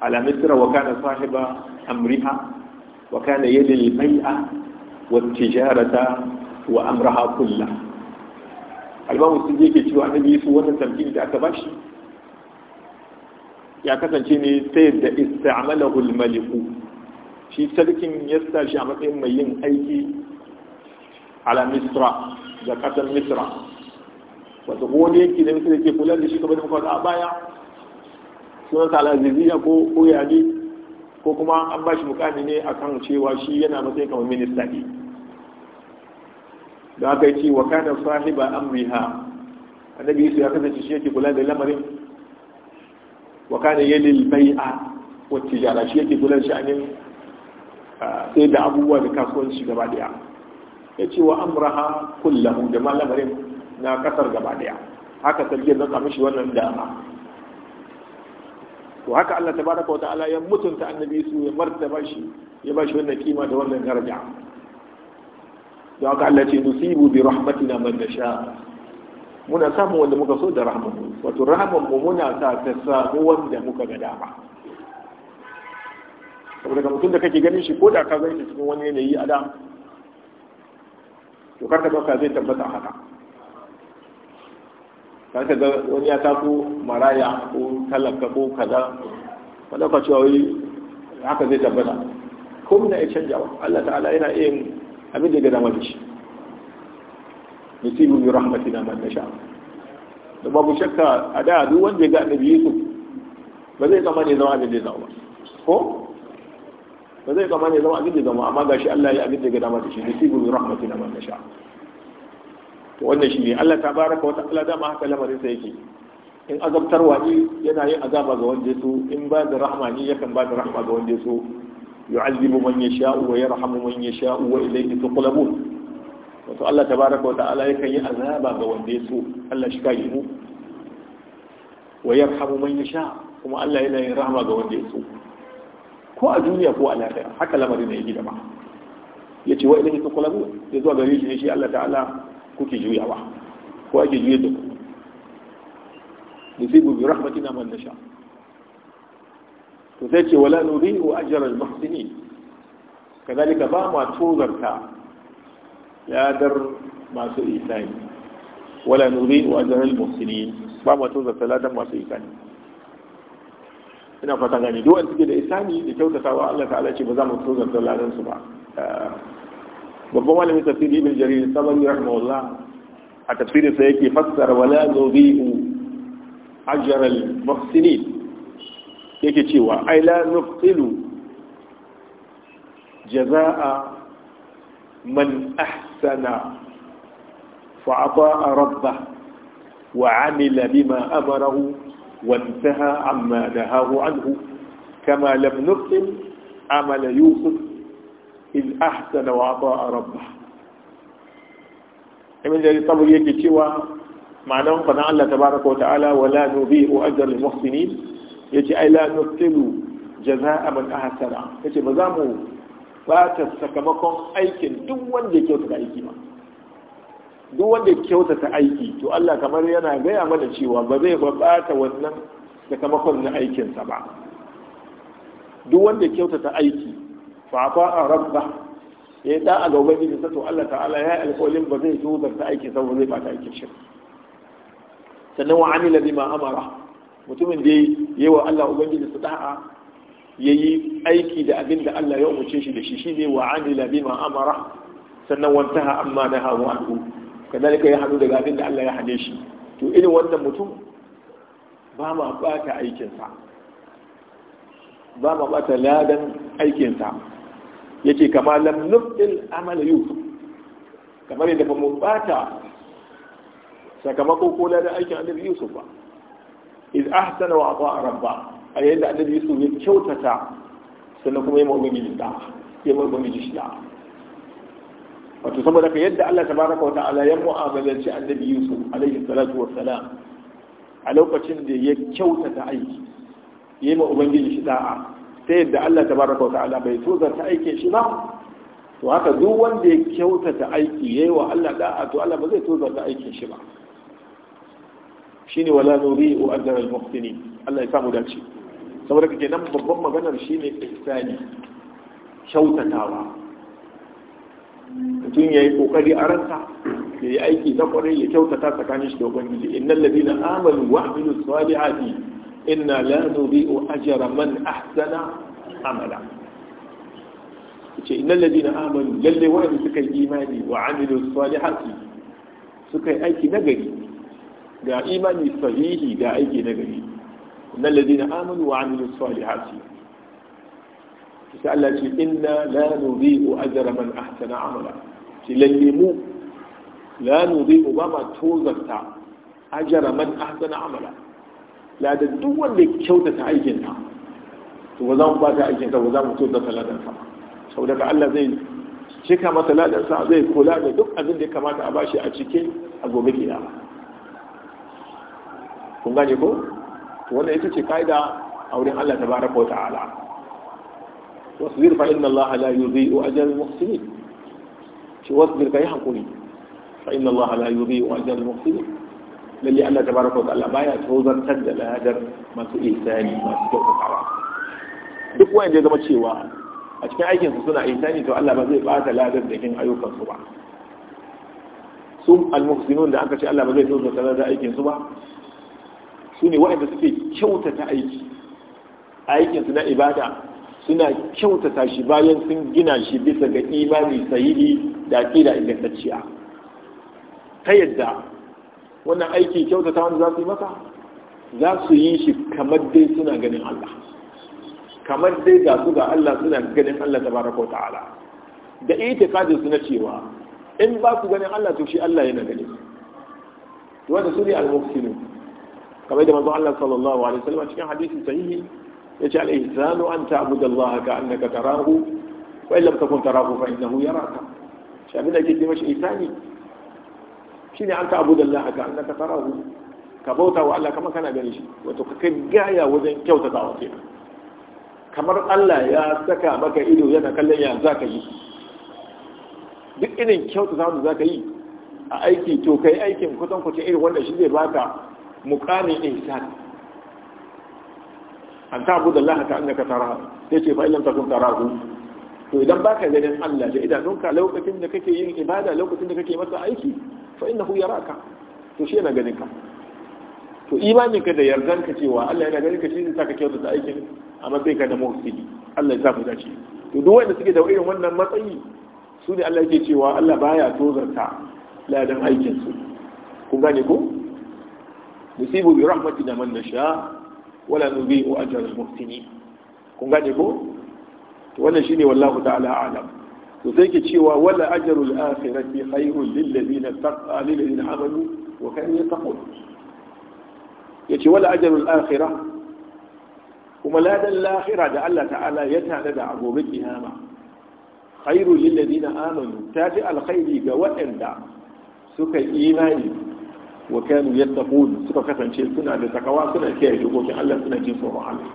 S1: ala misra wa kana sahiba amriha wa kana yadil bai'a wa tijarata wa amraha kullah alimamu sirri yake cewa annabi yusuf wannan tamkin da aka bashi ya kasance ne sai da istamala hulil maliku shi sarkin ya sa shi a matsayin mai yin aiki ala misra zakata misra wato ko wani yanki da misra ke kula da shi kamar da a baya sunan sa al'aziziya ko ko ko kuma an ba shi mukami ne a kan cewa shi yana matsayi kamar minista ne da aka yi ce wa kana sahiba amriha annabi yusuf ya kasance shi yake kula da lamarin wa kana yalil bai'a wa tijara shi yake kula da sha'anin ah, sai da abubuwa da kasuwanci gaba daya ya ce wa amraha kullahu da malamarin na kasar gaba daya haka sarki zan samu shi wannan dama. to haka Allah tabaraka wa ta'ala ya mutunta annabi su ya martaba shi ya ba shi wannan kima da wannan daraja don haka Allah ce nusibu bi rahmatina man nasha muna samun wanda muka so da rahmamu wato mu muna sa ta samu wanda muka ga dama saboda mutum da kake ganin shi ko da ka gani cikin wani yanayi a da to karka ɗauka zai tabbata haka Kar ka ga wani ya taso maraya ko talaka ko kaza ka ɗauka cewa wai haka zai tabbata ko muna canja, wa? Allah ta'ala yana iya yin abin da ya gada mace shi nasibu bi rahmatina man nasha da babu shakka a da duk wanda ya ga annabi Yusuf ba zai zama ne zama abin da ya zama ba ko ba zai zama ne zama abin da zama amma gashi Allah ya abin da ga dama da shi yusibu bi rahmatina man yasha to wannan shi ne Allah ta baraka wata Allah dama haka lamarin sa yake in azabtarwa ne yana yin azaba ga wanda ya so in ba da rahma ne yakan ba da rahma ga wanda ya so yu'azzibu man yasha'u wa yarhamu man yasha'u wa ilayhi tuqlabun wato Allah tabaraka wa ta'ala yakan yi azaba ga wanda ya so Allah shi kai mu wa yarhamu man yasha kuma Allah yana yin rahma ga wanda ya so ko a duniya ko a lafiya haka lamarin ne yake da ba ya ce wa ilahi tukulabu ya zuwa gari shi ne shi Allah ta'ala kuke juyawa ko ake juyar da ku yusibu bi rahmatina man nasha to sai ce wala nudhi'u ajra al-muhsinin kazalika ba ma tozarta dar masu isani wala nudhi'u ajra al-muhsinin ba ma tozarta ladar masu isani ina fata gani duk wanda suke da isani da kyautatawa Allah ta'ala ce ba za mu tozarta ladan su ba eh, babban malamin tafsiri ibn jarir wa sallam a tafsirin sa yake fassara wala zubi'u ajr al muhsinin yake cewa ai la nuftilu jaza'a man ahsana fa ata'a rabbah wa amila bima amarahu وانتهى عما نهاه عنه كما لم نبطل عمل يوسف إذ أحسن وعطاء ربه من ذلك الطبول يجي شوى معناه قناع الله تبارك وتعالى ولا نضيء أجر المحسنين يجي أي لا نبطل جزاء من أحسن يجي مزامه ba ta sakamakon aikin duk wanda ya duk wanda kyautata aiki to Allah kamar yana gaya mana cewa ba zai babata wannan sakamakon na aikinsa ba duk wanda kyautata aiki fa fa a rabba ya da a ga ubangiji to Allah ta'ala ya yi alƙawarin ba zai zo ta aiki sa ba zai bata aikin shi sannan wa amila bima amara mutumin da yayi wa Allah ubangiji su da'a yayi aiki da abin da Allah ya umarce shi da shi shine wa amila bima amara sannan wantaha amma nahahu anhu kadalika ya hannu daga abin da Allah ya hane shi to irin wannan mutum ba ma bata aikinsa ba ma bata ladan aikinsa yake kama lam nufil amala yu kamar yadda ba mu bata sakamako ko ladan aikin annabi yusuf ba iz ahsana wa ata rabba a yayin da annabi yusuf ya kyautata sannan kuma ya ma'ubangiji da ya ma'ubangiji shi da wato saboda ka yadda Allah tabaraka wa ta'ala ya mu'amalanci annabi Yusuf alaihi salatu wa salam a lokacin da ya kyautata aiki ya yi ma ubangiji shi da'a ta yadda Allah tabaraka wa ta'ala bai tozarta aikin shi ba to haka duk wanda ya kyautata aiki ya yi wa Allah da'a to Allah ba zai tozarta aikin shi ba shine wala nuri'u ajra al-muhsinin Allah ya samu dace saboda kake nan babban maganar shine ihsani kyautatawa
S2: mutum ya yi kokari
S1: a ransa ya yi aiki na kwarai ya kyautata tsakanin shi da ubangiji innal na amanu wa aminu amilu salihati inna la nudhi'u ajra man ahsana amala ce innal ladina amanu lalle wa'anda suka yi imani wa aminu suwali salihati suka yi aiki nagari ga imani sahihi ga aiki nagari Inna innal na amanu wa aminu suwali salihati sai Allah ce inna la nudhi'u ajra man ahsana amala shi lalle mu la nudhi'u ba ma tozarta ajra man ahsana amala la da duk wanda ya kyautata aikin ta to ba za mu ba ta aikin ta ba za mu tozarta ladan sa saboda ka Allah zai cika masa ladan sa zai kula da duk abin da ya kamata a bashi a cikin a gobe kiyama kun gane ko wannan ita ce kaida a wurin Allah tabaraka wa ta'ala wasbir fa inna Allah la yudhi'u ajra al-muhsinin shi wasbir kai hakuri fa inna Allah la yudhi'u ajra al-muhsinin lalle Allah tabaraka wa ta'ala baya tozartar da ladar masu ihsani masu duk wanda ya zama cewa a cikin aikinsu suna ihsani to Allah ba zai bata ladar da kin ayyukansu ba su almuhsinun da aka ce Allah ba zai kyautata da aikin su ba su ne waɗanda suke kyautata aiki aikin su na ibada suna kyautata shi bayan sun gina shi bisa ga imani sahihi da aqida ingantacciya ta yadda wannan aiki kyautata wanda za su yi mata? za su yi shi kamar dai suna ganin Allah kamar dai ga su ga Allah suna ganin Allah tabaraka wa ta'ala da itikadin su na cewa in ba su ganin Allah to shi Allah yana gani wanda su ne al-muhsinun kamar da manzo Allah sallallahu alaihi wasallam cikin hadisi sahihi ya ce al'ihsanu an ta'abuda Allah ka annaka tarahu wa illam takun tarahu fa innahu yaraka shi abin da ke ce mashi ihsani shine an ta'abuda Allah ka annaka tarahu ka bauta wa Allah kamar kana gani shi wato ka kai gaya wajen kyautata wa kenan kamar Allah ya saka maka ido yana kallon ya za ka yi duk irin kyauta kyautata da za ka yi a aiki to kai aikin kusan kuce irin wanda shi zai baka mukamin ihsani an ta abu da Allah ka annaka tara sai ce fa illam takun ku to idan baka ganin Allah da idanunka lokacin da kake yin ibada lokacin da kake masa aiki fa innahu yaraka to shi yana ganin ka to imanin ka da yardan ka cewa Allah yana ganin ka shi ne saka kyauta da aikin amma sai ka da muhsini Allah ya sa mu dace to duk wanda suke da irin wannan matsayi su ne Allah yake cewa Allah baya tozarta ladan aikin su kun gane ko musibu bi rahmatina man nasha wala nudhi'u ajra ajar muhsinin kun gane ko to wannan shine wallahu ta'ala a'lam to sai ke cewa wala ajru al-akhirati khayrun lil ladina taqwa lil ladina amanu wa kanu yattaqun yace wala ajru al-akhirah kuma ladan lahira da Allah ta'ala ya tada da gobe kiyama khayrun lil ladina amanu tafi alkhairi ga waɗanda suka imani wa kanu yattaqun suka kasance suna da takawa suna kiyaye dokokin Allah suna jin tsoron Allah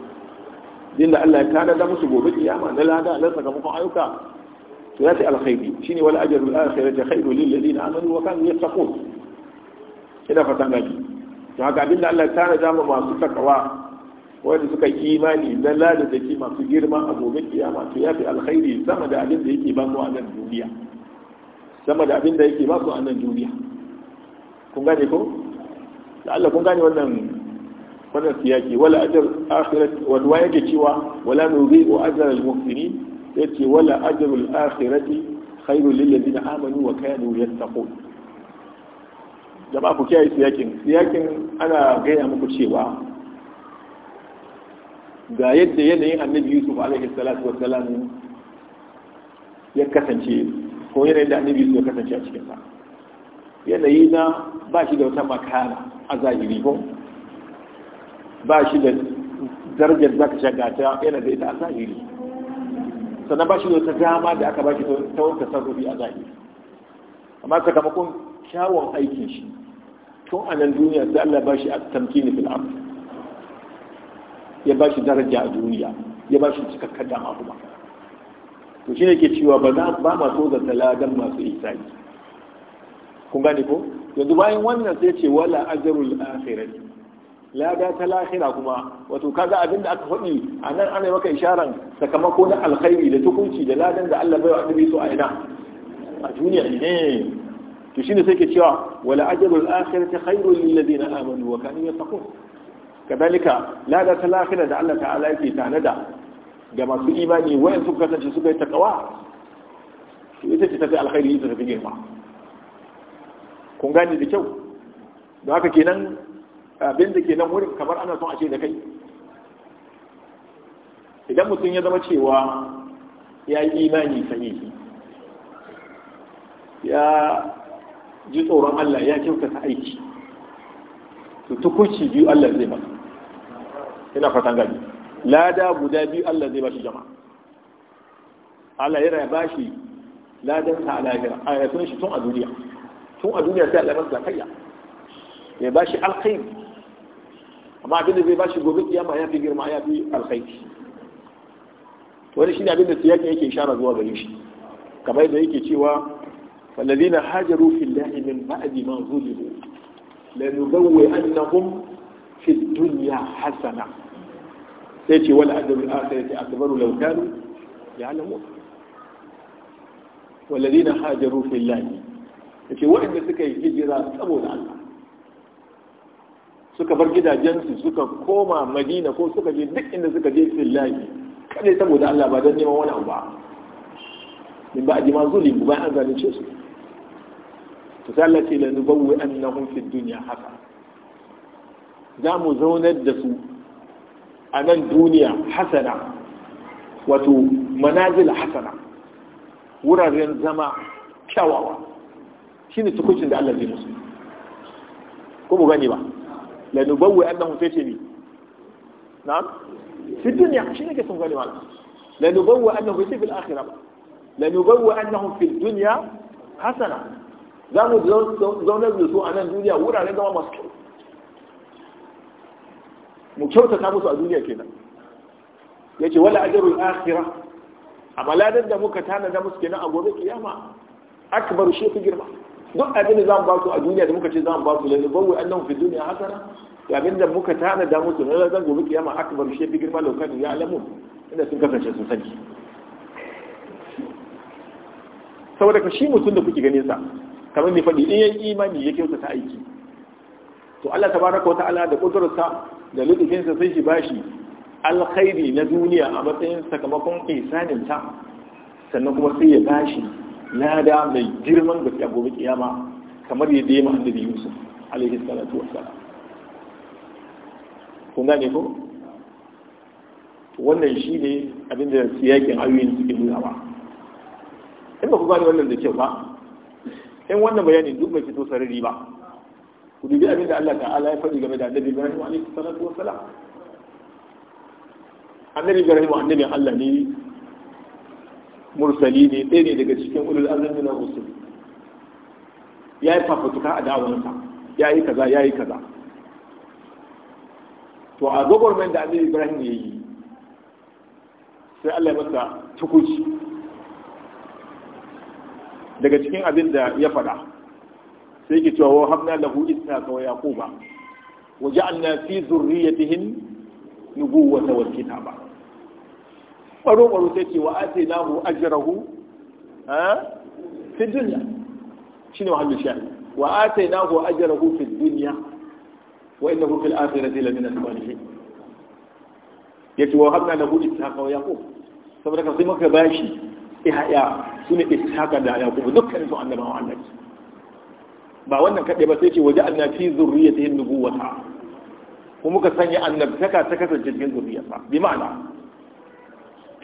S1: dinda Allah ya tada da musu gobe kiyama na lada na sakamakon ayyuka to ya ce alkhairi shine wal ajru al akhirati khairu lil ladina amanu wa kanu yattaqun ina fatan gaji to haka dinda Allah ya tada da masu takawa wanda suka yi imani na lada da ki masu girma a gobe kiyama to ya fi alkhairi sama da abin da yake ba su a nan duniya sama da abin da yake ba su a nan duniya kun gane ko da Allah kun gane wannan wannan siyaki wala ajr akhirat wa wa yake cewa wala nudhi'u ajr al muhsinin yace wala ajr al akhirati khairu lil ladina amanu wa kanu yattaqun jama'a ku kiyaye siyakin siyakin ana gaya muku cewa ga yadda yanayin annabi yusuf alaihi salatu wa salam ya kasance ko yanayin da annabi yusuf ya kasance a cikin sa yanayi na ba shi da wata makana a zahiri ko ba shi da darajar za ka shagata yana da ita a zahiri sannan ba shi da wata dama da aka ba shi ta wata sarrufi a zahiri amma sakamakon kyawun aikin shi tun a nan duniya sai Allah ba shi a tamkini fil amr ya ba shi daraja a duniya ya ba shi cikakkar dama kuma to shi ne ke cewa ba ba ma so da talagan masu isaki kun gane ko yanzu bayan wannan sai ce wala ajrul akhirati lada ta lahira kuma wato kaga abinda aka faɗi a nan ana maka isharan sakamako na alkhairi da tukunci da ladan da Allah bai wa annabi so a ina a duniya ne to shine sai ke cewa wala ajrul akhirati khairul lil ladina amanu wa kanu yattaqun kadalika lada ta lahira da Allah ta'ala yake tanada ga masu imani wayan suka kasance suka yi takawa ita ce tafi alkhairi ta fi girma kun gane da kyau don haka kenan abin da ke wurin kamar ana son a ce da kai idan mutum ya zama cewa ya yi imani sahihi ya ji tsoron Allah ya kyautata aiki to tukunci biyu Allah zai ba ina fatan gani lada guda biyu Allah zai ba shi jama'a Allah yana ba shi ladan ta a lahira shi tun a duniya tun a duniya sai Allah masa zakayya ya shi alkhairi amma abin da zai shi gobe kiyama ya fi girma ya fi alkhairi wani shi ne abin da siyaki yake ishara zuwa gare shi kamar da yake cewa fallazina hajaru fillahi min ba'di ma zulimu lanubawwi annahum fi dunya hasana sai ce wala adabul akhirati akbaru law kanu ya'lamun والذين هاجروا في الله ce waɗanda suka yi hijira saboda Allah suka bar gidajensu suka koma Madina ko suka je duk inda suka je fillahi kadai saboda Allah ba don neman wani ba min ba a ajima zulim ba an zalunce su to sai Allah ce la nubawwi na hunfin duniya haka za mu zaunar da su a nan duniya hasana wato manazil hasana wuraren zama kyawawa shine tukuncin da Allah zai musu ko mu gani ba la nubawwi annahum sai ce ni na'am fi dunya shine ke sun gani ba la nubawwi annahum sai fil akhirah ba la nubawwi annahum fil dunya hasana za mu zauna da su a nan duniya wuraren zama masu kyau mu kyautata musu a duniya kenan ya ce wala ajarul akhirah a maladar da muka tanada musu kenan a gobe kiyama akbar shi fi girma duk abin da za ba su a duniya da muka ce za mu ba su lalle bawu annan fi dunya hasana ya abin da muka tana da musu na zan gobe kiyama akbar shi bi girma lokacin ya alamu inda sun kasance sun sani saboda ka shi mutum da kuke ganin sa kamar mai faɗi in yi imani ya kyauta ta aiki to Allah ta baraka wa ta'ala da kudurarsa da lutufinsa sai shi bashi alkhairi na duniya a matsayin sakamakon ihsanin ta sannan kuma sai ya bashi lada mai girman gaske a gobe kiyama kamar yadda ya biyu Yusuf alaihi salatu wassalam kun gane ko wannan shi ne abinda siyakin ayoyin suke nuna ba in ba ku gane wannan da kyau ba in wannan bayanin duk mai fito sarari ba ku dubi abinda Allah ta'ala ya faɗi game da annabi Ibrahim alaihi salatu wassalam annabi Ibrahim annabi Allah ne mursali ne ɗaya ne daga cikin ulul azumi na rusul ya yi fafutuka a da'awansa ya yi kaza ya yi kaza to a gwagwarmen da annabi ibrahim ya yi sai allah ya masa tukuci daga cikin abin da ya faɗa sai ke cewa wa habna lahu ishaqa wa yaquba wa ja'alna fi dhurriyyatihim nubuwwata wal kitaba baro baro sai ce wa atainahu ajrahu ha fi dunya shine wahallu sha wa atainahu ajrahu fi dunya wa innahu fil akhirati lamina salihin yace wa habna lahu ishaqa wa yaqub saboda kan sai muka bashi ihya sune ta da yaqub dukkan su annabawa annabi ba wannan kaɗai ba sai ce waje an fi zurriya ta yin nubuwata kuma ka sanya annabtaka ta kasance cikin zurriyarsa bi ma'ana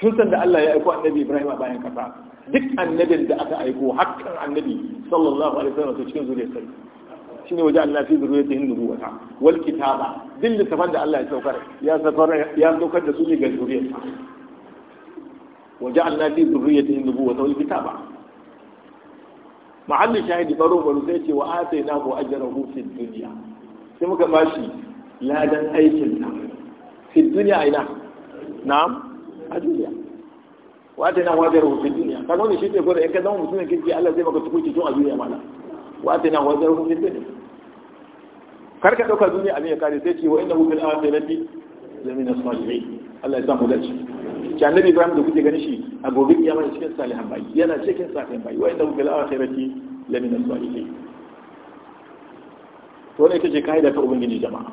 S1: tun san da Allah ya aiko annabi Ibrahim a bayan kasa duk annabin da aka aiko hakkan annabi sallallahu alaihi wasallam to cikin zuriyar sai shine waje Allah fi ta zuriyatihin nubuwata wal kitaba duk littafan da Allah ya saukar ya saukar ya saukar da su ne ga zuriyar waje Allah fi zuriyatihin nubuwata wal kitaba mahallin shahidi baro baro sai ce wa atainahu ajrahu fid dunya sai muka bashi ladan aikin sa fi dunya ina na'am a duniya wata na wajen rufin duniya kan wani shi ne gwada in ka zama mutumin kirki Allah zai maka tukunci tun a duniya mana wata na wajen rufin duniya kar ka ɗauka duniya abin ya kare sai ce wa inda hukun awa sai rafi lamina salihin Allah ya samu dace ki annabi Ibrahim da kuke ganin shi a gobe kiyama cikin salihan bayi yana cikin salihan bayi wa inda hukun awa sai rafi lamina salihin to ne ita ce kaida ta ubangiji jama'a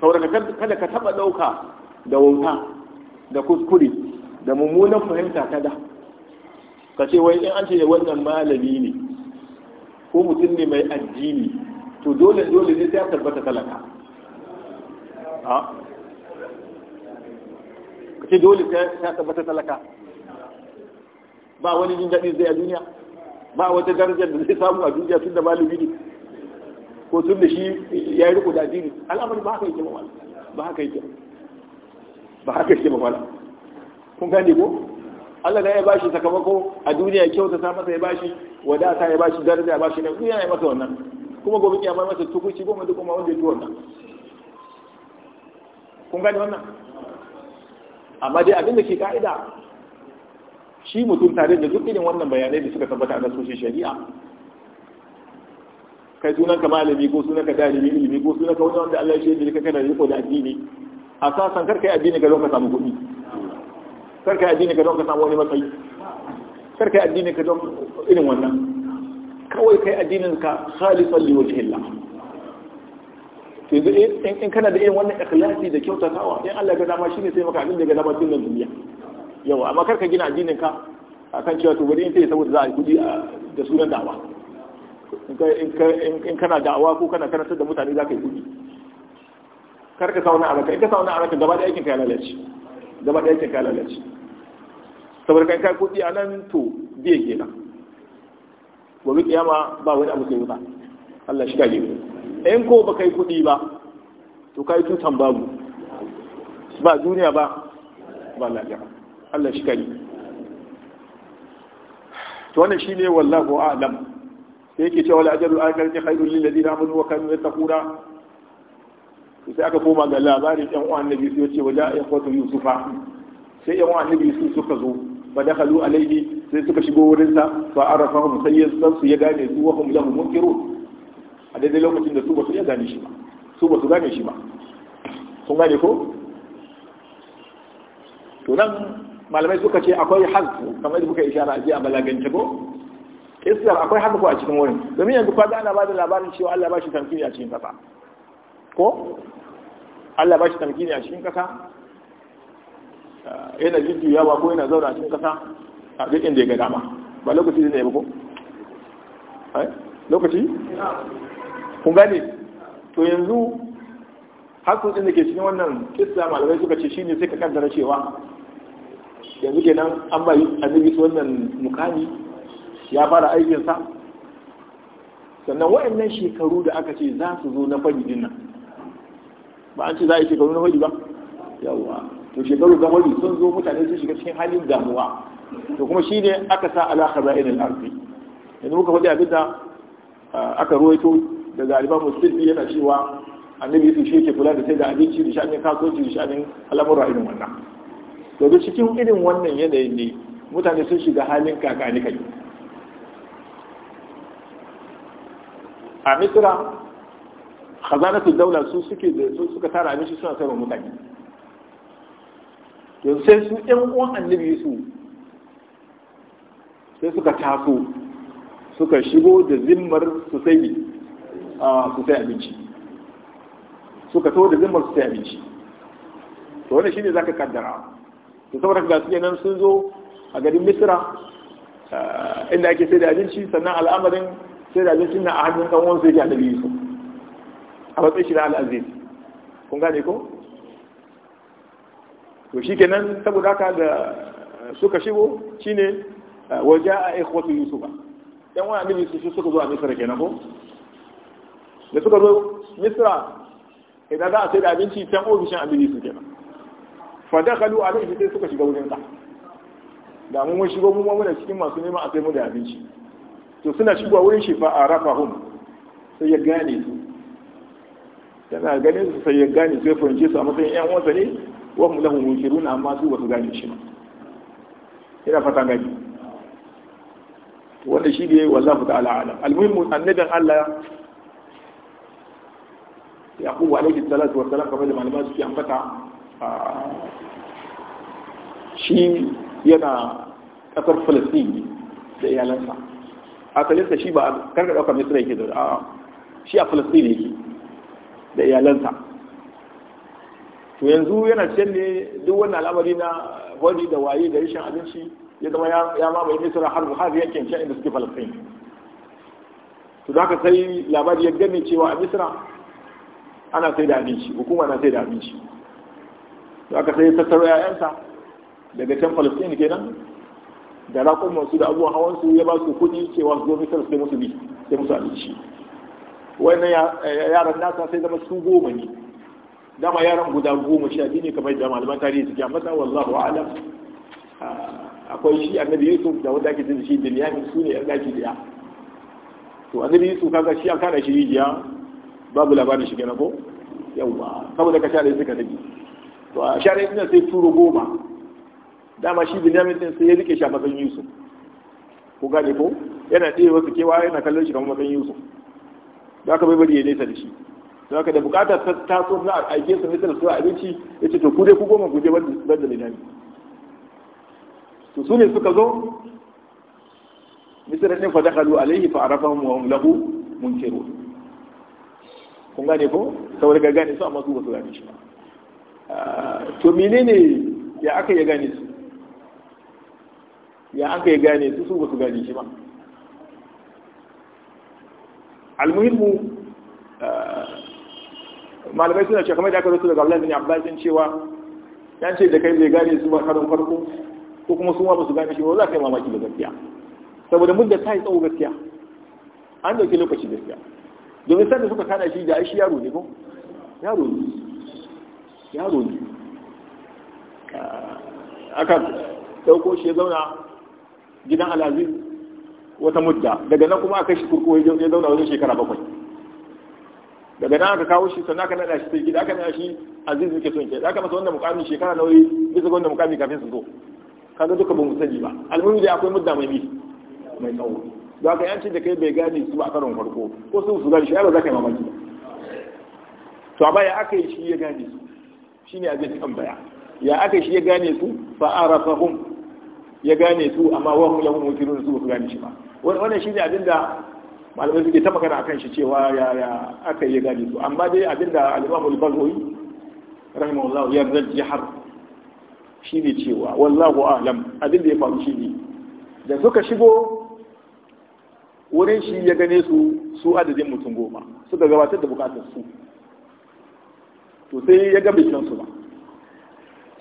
S1: saboda kada ka taba dauka da wauta da kuskure da mummunan fahimta ta da ka ce wai in an ce wannan malami ne ko mutum ne mai addini to dole dole ne sai ya tabbata talaka a ka ce dole sai ya tabbata talaka ba wani jin daɗi zai a duniya ba wata darajar da zai samu a duniya tun da malami ne ko tun da shi ya yi riko da addini al'amari ba haka yake ba haka yake ba haka shi ba fara kun gane ko Allah ya bashi sakamako a duniya kyauta ta masa ya bashi wadata ya bashi daraja ya bashi nan ya masa wannan kuma gobe kiyama masa tukuci goma duk kuma wanda ya tuwa kun gane wannan amma dai abin da ke ka'ida shi mutum tare da duk irin wannan bayanai da suka tabbata a sosai shari'a kai sunanka malami ko sunanka dalibi ilimi ko sunanka wani wanda Allah ya shaidi ka kana riko da addini a sasan karka yi addini ka don ka samu kuɗi karka yi addini ka don ka samu wani matsayi karka yi addini ka don irin wannan kawai kai addinin ka khalisan li wajhillah yanzu in kana da irin wannan ikhlasi da kyautatawa in Allah ga dama shine sai maka abin da ga dama cikin duniya yawa amma karka gina addinin ka akan cewa to bari in sai saboda za a yi kuɗi da sunan da'awa in kana da'awa ko kana karantar da mutane za ka yi kuɗi kar ka sa a ranka in ka sauna a ranka gaba da aikin ka lalace gaba da aikin ka lalace saboda kai kai kudi a nan to biye kenan gobe kiyama ba wani abu sai ba. Allah shi kage in ko ba kai kudi ba to kai tutan babu ba duniya ba ba lafiya Allah shi kage to wannan shine wallahu a'lam sai yake cewa al-ajru al-akhirati khairul lil ladina amanu wa kanu yattaquna sai aka koma ga labarin yan uwan nabi sai ce wajen ya kwato yusufa sai yan uwan nabi su suka zo ba halu a laifi sai suka shigo ba sa rafa arafahum sai ya san su ya gane su wa hum mun kiro a daidai lokacin da su ba su ya gane shi ba su ba su gane shi ba sun gane ko to nan malamai suka ce akwai hazfu kamar da kuka ishara a balagance ko islam akwai ko a cikin wurin domin yanzu kwa ana ba da labarin cewa Allah ba shi tamkini a cikin kasa ko Allah ba shi ne a cikin kasa eh, yana jujjuyawa ko yana zaura a cikin kasa a duk inda ya ga dama ba lokaci ne ba ko eh, lokaci kun gane to yanzu hakun din da ke cikin wannan kissa malamai suka ce shine sai ka kaddara cewa yanzu kenan an bayi annabi wannan mukami ya fara aikinsa sannan waɗannan shekaru da aka ce za su zo na fari dinnan ba an ce za a yi shekaru na hori ba yawa to shekaru na sun zo mutane sun shiga cikin halin damuwa to kuma shi ne aka sa ba irin arfi yanzu muka faɗi abin da aka ruwaito da zaliba musulmi yana cewa annabi yusuf shi ke kula da sai da abinci da sha'anin kasuwanci da sha'anin al'amura irin wannan to duk cikin irin wannan yanayin ne mutane sun shiga halin kakani kai a misira khazanatul daula su suke su suka tara abinci suna sayarwa mutane yanzu sai su ƴan uwan annabi su sai suka taso suka shigo da zimmar su sai su sai abinci suka taho da zimmar su sai abinci to wannan shine zaka kaddara to saboda ga su nan sun zo a garin Misra eh, inda ake sai da abinci sannan al'amarin sai da abincin na a hannun ɗan uwan sai da annabi Yusuf a matsayin shi na al'aziz kun gane ko to shi kenan saboda haka da suka shigo shine uh, waje a yusu ba. yan wani annabi su suka zo a misira kenan ko da suka zo Misira, idan za a sai da abinci can ofishin annabi su kenan kalu a alayhi sai suka shiga wurin sa da mun mun shigo mun muna cikin masu nema a sai mu da abinci to suna a wurin shi fa hun sai ya gane su yana ganin su sai ya gane sai fahimce su a matsayin yan uwansa ne wa hum lahum munkirun amma su ba su gane shi ba ina fata gani wanda shi ne wallahu ta'ala alam almuhimmu annabin Allah yaqub alaihi salatu wa salam kamar da malama suke ambata shi yana kasar Falastin da iyalansa a asalinsa shi ba a karka ɗaukar misira yake da a shi a Falastin yake da iyalansa to yanzu yana cikin ne duk wannan al'amari na gwani da waye da rashin abinci ya zama ya mamaye misira har har yake can inda suke falastin to da sai labari ya gane cewa a misira ana sai da abinci hukuma na sai da abinci to aka sai tattaro 'ya'yansa daga can falastin kenan da raƙon masu da abubuwan hawansu ya ba su kuɗi cewa su zo misira sai musu bi sai musu abinci wannan eh, yaran nasa sai zama su goma ne dama yaran guda goma sha biyu ne kamar da malaman tarihi suke amma sa wallahu alam ah, akwai shi annabi yusuf da wanda ake da shi bilyamin su ne yan daki daya to annabi yusuf kaga shi an kada shi rijiya babu labarin shi kenan ko yawa saboda ka share suka dabi to a share din sai turo goma dama shi bilyamin din sai ya rike shi a matsayin yusuf ko gane ko yana ɗaya wasu kewa yana kallon shi kamar matsayin yusuf da ka bai bari ya nesa da shi da ka da bukata ta taso na a aike su nesa da su abinci ya ce to ku dai ku goma guje je bar da linami to su ne suka zo misira ɗin fadakalu alaihi fa mu wa hum lahu munkirun kun gane ko saboda ga gane su amma su ba su gane shi ah, to menene ya aka ya gane su ya aka ya gane su su ba su gane shi ba almuhimmu eh, malamai suna cewa kamar da aka rasu daga Allah bin Abbas din cewa yan ce da kai bai gane su ba karon farko ko kuma su ma ba su gane shi ba za ka yi mamaki da gaskiya saboda mun da ta yi tsawo gaskiya an dauki lokaci gaskiya domin sanda suka kana shi da aishi yaro ne ko yaro ne yaro ne eh, aka dauko shi ya zauna gidan al'aziz wata mudda daga nan kuma aka shi kurkuku ya zauna wajen shekara bakwai daga nan aka kawo shi sannan aka nada shi sai gida aka nada shi aziz ke son ke aka masa wanda mukami shekara nauyi bisa ga wannan mukami kafin su zo kaga duka ba mu sani ba almuhimmi dai akwai mudda mai bi mai tsawo za ka yanci da kai bai gane su ba a karon farko ko sun su gane shi ba za ka yi mamaki ba to a baya aka yi shi ya gane su shi ne abin tambaya ya aka shi ya gane su fa arafahum ya gane su amma wahum lahum mutirun su ba su gane shi ba wannan shi ne abin da malamai suke ta magana kan shi cewa yaya aka yi gadi su amma dai abin da al'imamu al-bazawi rahimahullah ya har shi ne cewa wallahu alam abin da ya faru shi ne da suka shigo wurin shi ya gane su su adadin mutum goma suka gabatar da bukatar su to sai ya gabe kansu ba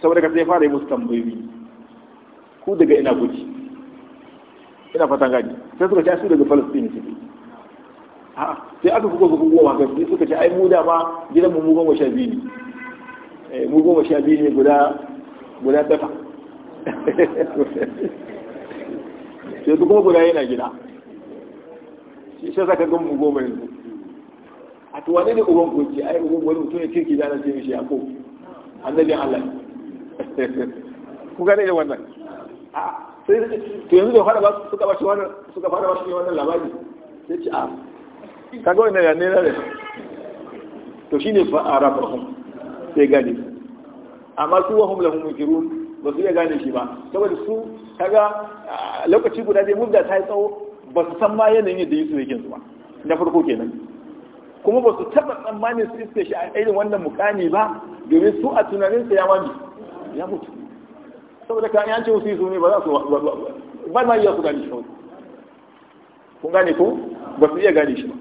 S1: saboda ka sai fara yi musu tambayoyi ku daga ina guji ina fatan gani sai suka ce su daga falastini palestine suke sai aka kuka suka goma ga su suka ce ai mu dama gidan mu mu goma sha biyu ne eh, mu goma sha biyu ne guda guda tafa sai su kuma guda yana gida shi sai saka gan mu goma yanzu a to wane ne uban kunci ai uban wani mutum ne kirki da ana ce mishi yako annabin Allah ku gane da wannan a'a sai ce to yanzu da fara ba suka ba wannan suka fara ba shi wannan labari sai ce a kaga wannan ya ne na da to shine fa arafahum sai gane amma su wahum lahum munkirun ba su iya gane shi ba saboda su kaga lokaci guda dai mudda ta yi tsawo ba su san ma yanayin yadda Yusuf yake zuwa na farko kenan kuma ba su taba tsammanin su iske shi a irin wannan mukami ba domin su a tunaninsa ya mami ya mutu saboda ka an ce wasu ne ba za su ba ma iya su gani shi ba kun gane ko ba su iya gane shi ba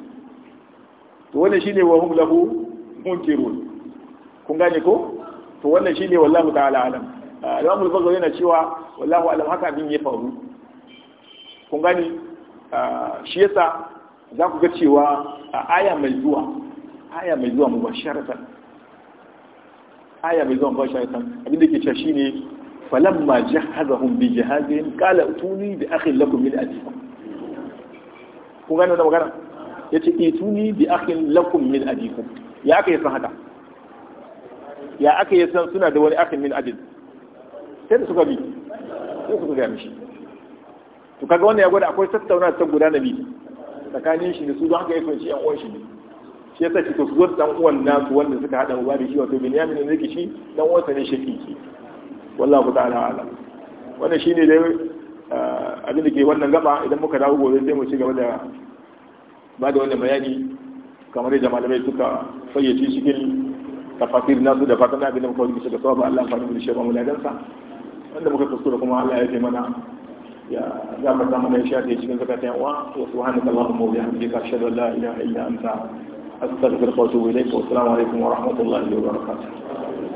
S1: to wannan shine wa hum lahu munkirun kun gane ko to wannan shine wallahu ta'ala alam Imam al-Bukhari yana cewa wallahu alam haka abin ya faru kun gane shi yasa za ku ga cewa a aya mai zuwa aya mai zuwa mubasharatan aya mai zuwa mubasharatan abin da ke cewa shine falamma jahazahum bi jihazihim qala utuni bi akhin lakum min abikum ku gane da magana Ya yace ituni bi akhin lakum min abikum ya aka yasan haka ya aka yi yasan suna da wani akhin min abin sai da suka bi sai suka ga shi. to kaga wannan ya gwada akwai tattauna ta guda na bi tsakanin shi da su don haka ya fahimci yan uwan shi ne shi yasa ki to su zo dan uwan nasu wanda suka hada uba da shi wato Binyamin ne yake shi dan uwansa ne shi kike wallahu ta'ala alam wannan shine dai eh, abin da ke wannan gaba idan muka dawo gobe sai mu ci gaba da ba da wannan bayani kamar yadda malamai suka fayyace cikin tafasir nasu da fatan abin da muka wani bisa ga sawaba Allah fa da shi ba mu sa wanda muka kuskura kuma Allah ya mana ya gabata mana ya shafe cikin zakatan uwa wa subhanaka allahumma wa bihamdika ashhadu an la ilaha illa anta astaghfiruka wa atubu ilayk wa assalamu alaikum wa rahmatullahi wa barakatuh